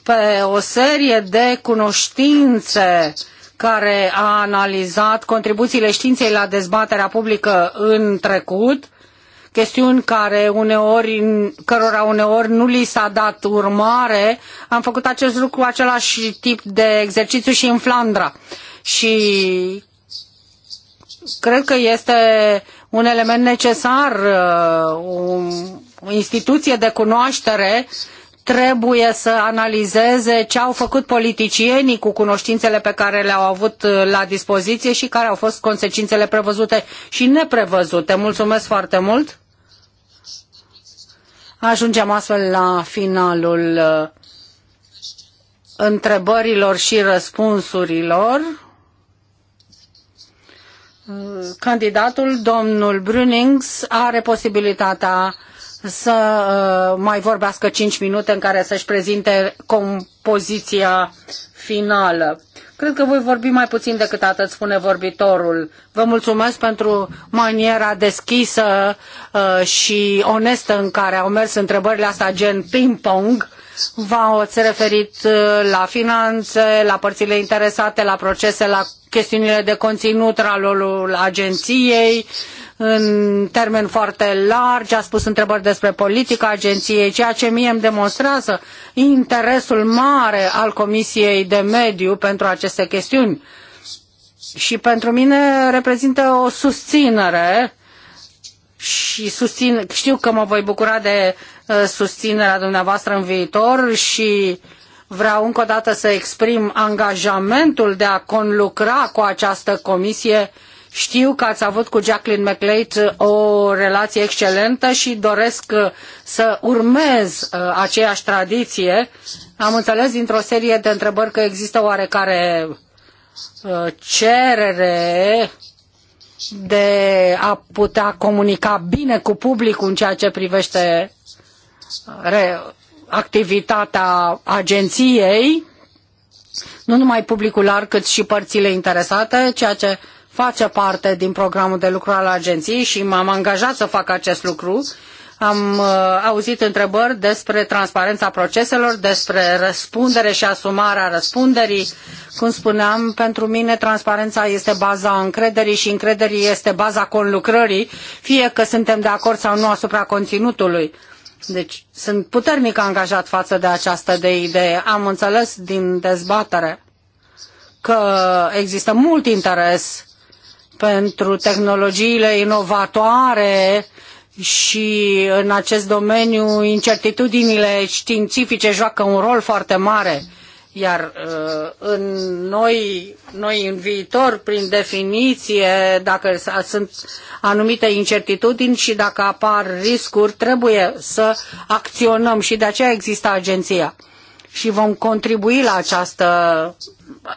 pe o serie de cunoștințe care a analizat contribuțiile științei la dezbaterea publică în trecut, chestiuni care uneori, cărora uneori nu li s-a dat urmare. Am făcut acest lucru, același tip de exercițiu și în Flandra. Și cred că este un element necesar, uh, o instituție de cunoaștere trebuie să analizeze ce au făcut politicienii cu cunoștințele pe care le-au avut uh, la dispoziție și care au fost consecințele prevăzute și neprevăzute. Mulțumesc foarte mult! Ajungem astfel la finalul uh, întrebărilor și răspunsurilor candidatul, domnul Brunings, are posibilitatea să uh, mai vorbească 5 minute în care să-și prezinte compoziția finală. Cred că voi vorbi mai puțin decât atât, spune vorbitorul. Vă mulțumesc pentru maniera deschisă uh, și onestă în care au mers întrebările astea gen ping-pong V-ați referit uh, la finanțe, la părțile interesate, la procese, la chestiunile de conținut, rolul agenției, în termen foarte larg, a spus întrebări despre politica agenției, ceea ce mie îmi demonstrează interesul mare al Comisiei de Mediu pentru aceste chestiuni. Și pentru mine reprezintă o susținere și susțin, știu că mă voi bucura de Uh, susținerea dumneavoastră în viitor și vreau încă o dată să exprim angajamentul de a conlucra cu această comisie. Știu că ați avut cu Jacqueline McLeod o relație excelentă și doresc uh, să urmez uh, aceeași tradiție. Am înțeles dintr-o serie de întrebări că există oarecare cerere de a putea comunica bine cu publicul în ceea ce privește activitatea agenției, nu numai publicul larg, cât și părțile interesate, ceea ce face parte din programul de lucru al agenției și m-am angajat să fac acest lucru. Am uh, auzit întrebări despre transparența proceselor, despre răspundere și asumarea răspunderii. Cum spuneam, pentru mine transparența este baza încrederii și încrederii este baza conlucrării, fie că suntem de acord sau nu asupra conținutului. Deci sunt puternic angajat față de această de idee. Am înțeles din dezbatere că există mult interes pentru tehnologiile inovatoare și în acest domeniu incertitudinile științifice joacă un rol foarte mare iar uh, în noi, noi în viitor, prin definiție, dacă sunt anumite incertitudini și dacă apar riscuri, trebuie să acționăm și de aceea există agenția. Și vom contribui la această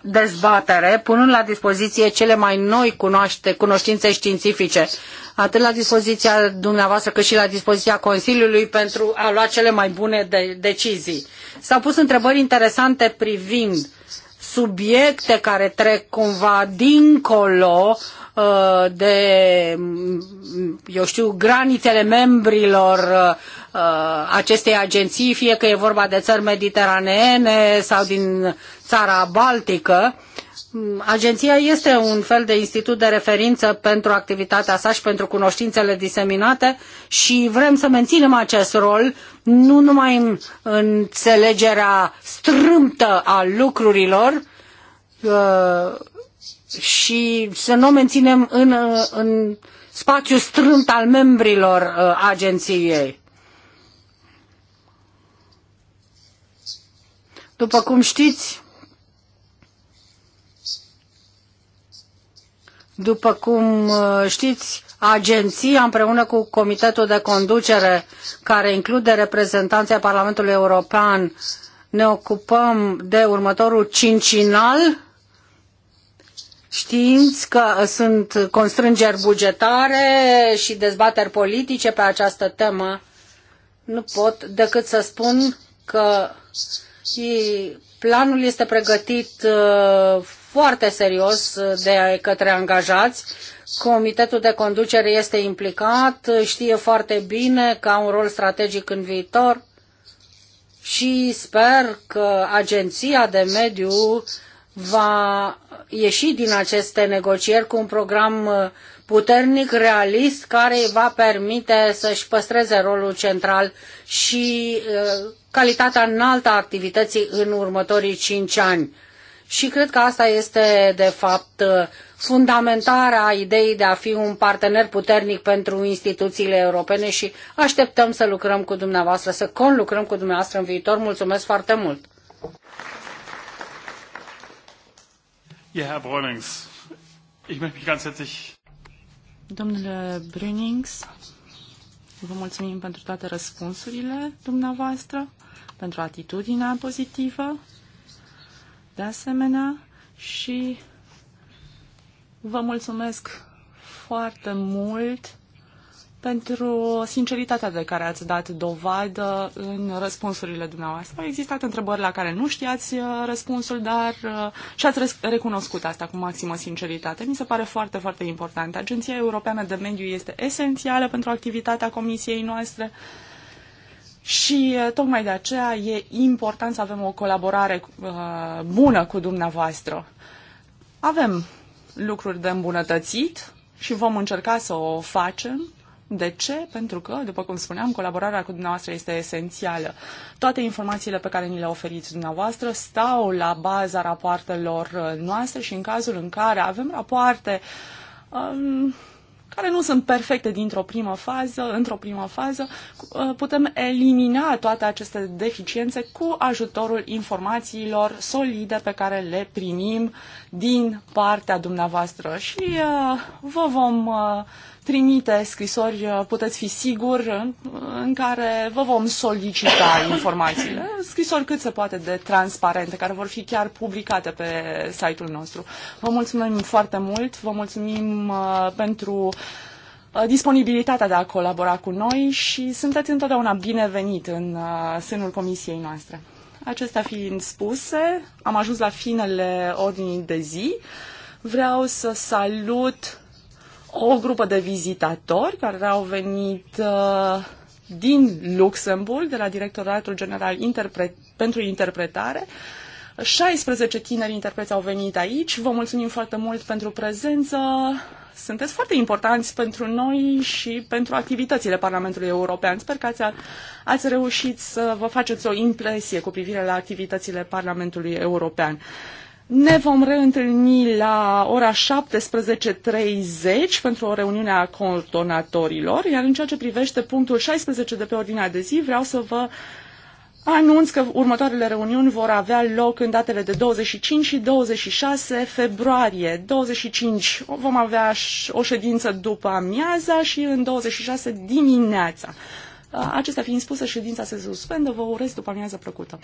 dezbatere, punând la dispoziție cele mai noi cunoaște, cunoștințe științifice, atât la dispoziția dumneavoastră cât și la dispoziția Consiliului pentru a lua cele mai bune de- decizii. S-au pus întrebări interesante privind subiecte care trec cumva dincolo Uh, de, mm, eu știu, granițele membrilor uh, uh, acestei agenții, fie că e vorba de țări mediteraneene sau din țara Baltică. Mm, agenția este un fel de institut de referință pentru activitatea sa și pentru cunoștințele diseminate și vrem să menținem acest rol, nu numai în înțelegerea strâmtă a lucrurilor, și să nu o menținem în, uh, în spațiu strânt al membrilor uh, agenției. După cum știți, după cum uh, știți, agenția împreună cu comitetul de conducere care include reprezentanții Parlamentului European ne ocupăm de următorul cincinal Știți că sunt constrângeri bugetare și dezbateri politice pe această temă. Nu pot decât să spun că planul este pregătit uh, foarte serios de către angajați. Comitetul de conducere este implicat, știe foarte bine că au un rol strategic în viitor și sper că agenția de mediu va ieși din aceste negocieri cu un program uh, puternic, realist, care îi va permite să-și păstreze rolul central și uh, calitatea înaltă a activității în următorii cinci ani. Și cred că asta este, de fapt, uh, fundamentarea ideii de a fi un partener puternic pentru instituțiile europene și așteptăm să lucrăm cu dumneavoastră, să conlucrăm cu dumneavoastră în viitor. Mulțumesc foarte mult! Herr ich möchte mich ganz herzlich... Domnule Brunings, vă mulțumim pentru toate răspunsurile dumneavoastră, pentru atitudinea pozitivă, de asemenea, și vă mulțumesc foarte mult pentru sinceritatea de care ați dat dovadă în răspunsurile dumneavoastră. Au existat întrebări la care nu știați uh, răspunsul, dar uh, și-ați recunoscut asta cu maximă sinceritate. Mi se pare foarte, foarte important. Agenția Europeană de Mediu este esențială pentru activitatea comisiei noastre. Și uh, tocmai de aceea e important să avem o colaborare bună cu dumneavoastră. Avem lucruri de îmbunătățit și vom încerca să o facem de ce? Pentru că, după cum spuneam, colaborarea cu dumneavoastră este esențială. Toate informațiile pe care ni le oferiți dumneavoastră stau la baza rapoartelor uh, noastre și în cazul în care avem rapoarte um, care nu sunt perfecte dintr-o primă fază, într-o primă fază, uh, putem elimina toate aceste deficiențe cu ajutorul informațiilor solide pe care le primim din partea dumneavoastră și uh, vă vom uh, trimite scrisori, uh, puteți fi sigur, uh, în care vă vom solicita informațiile, scrisori cât se poate de transparente, care vor fi chiar publicate pe site-ul nostru. Vă mulțumim foarte mult, vă mulțumim uh, pentru disponibilitatea de a colabora cu noi și sunteți întotdeauna binevenit în sânul comisiei noastre. Acestea fiind spuse, am ajuns la finele ordinii de zi. Vreau să salut o grupă de vizitatori care au venit uh, din Luxemburg, de la Directoratul General Interpre- pentru Interpretare. 16 tineri interpreți au venit aici. Vă mulțumim foarte mult pentru prezență. Sunteți foarte importanți pentru noi și pentru activitățile Parlamentului European. Sper că ați, ați reușit să vă faceți o impresie cu privire la activitățile Parlamentului European. Uh, ne vom reîntâlni la ora 17.30 pentru o reuniune a coordonatorilor, iar în ceea ce privește punctul 16 de pe ordinea de zi, vreau să vă anunț că următoarele reuniuni vor avea loc în datele de 25 și 26 februarie. 25 vom avea o ședință după amiaza și în 26 dimineața. Acestea fiind spuse, ședința se suspendă. Vă urez după amiază plăcută.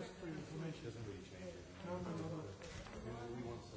just for information. Doesn't really change it. No, no, no. no. We, we want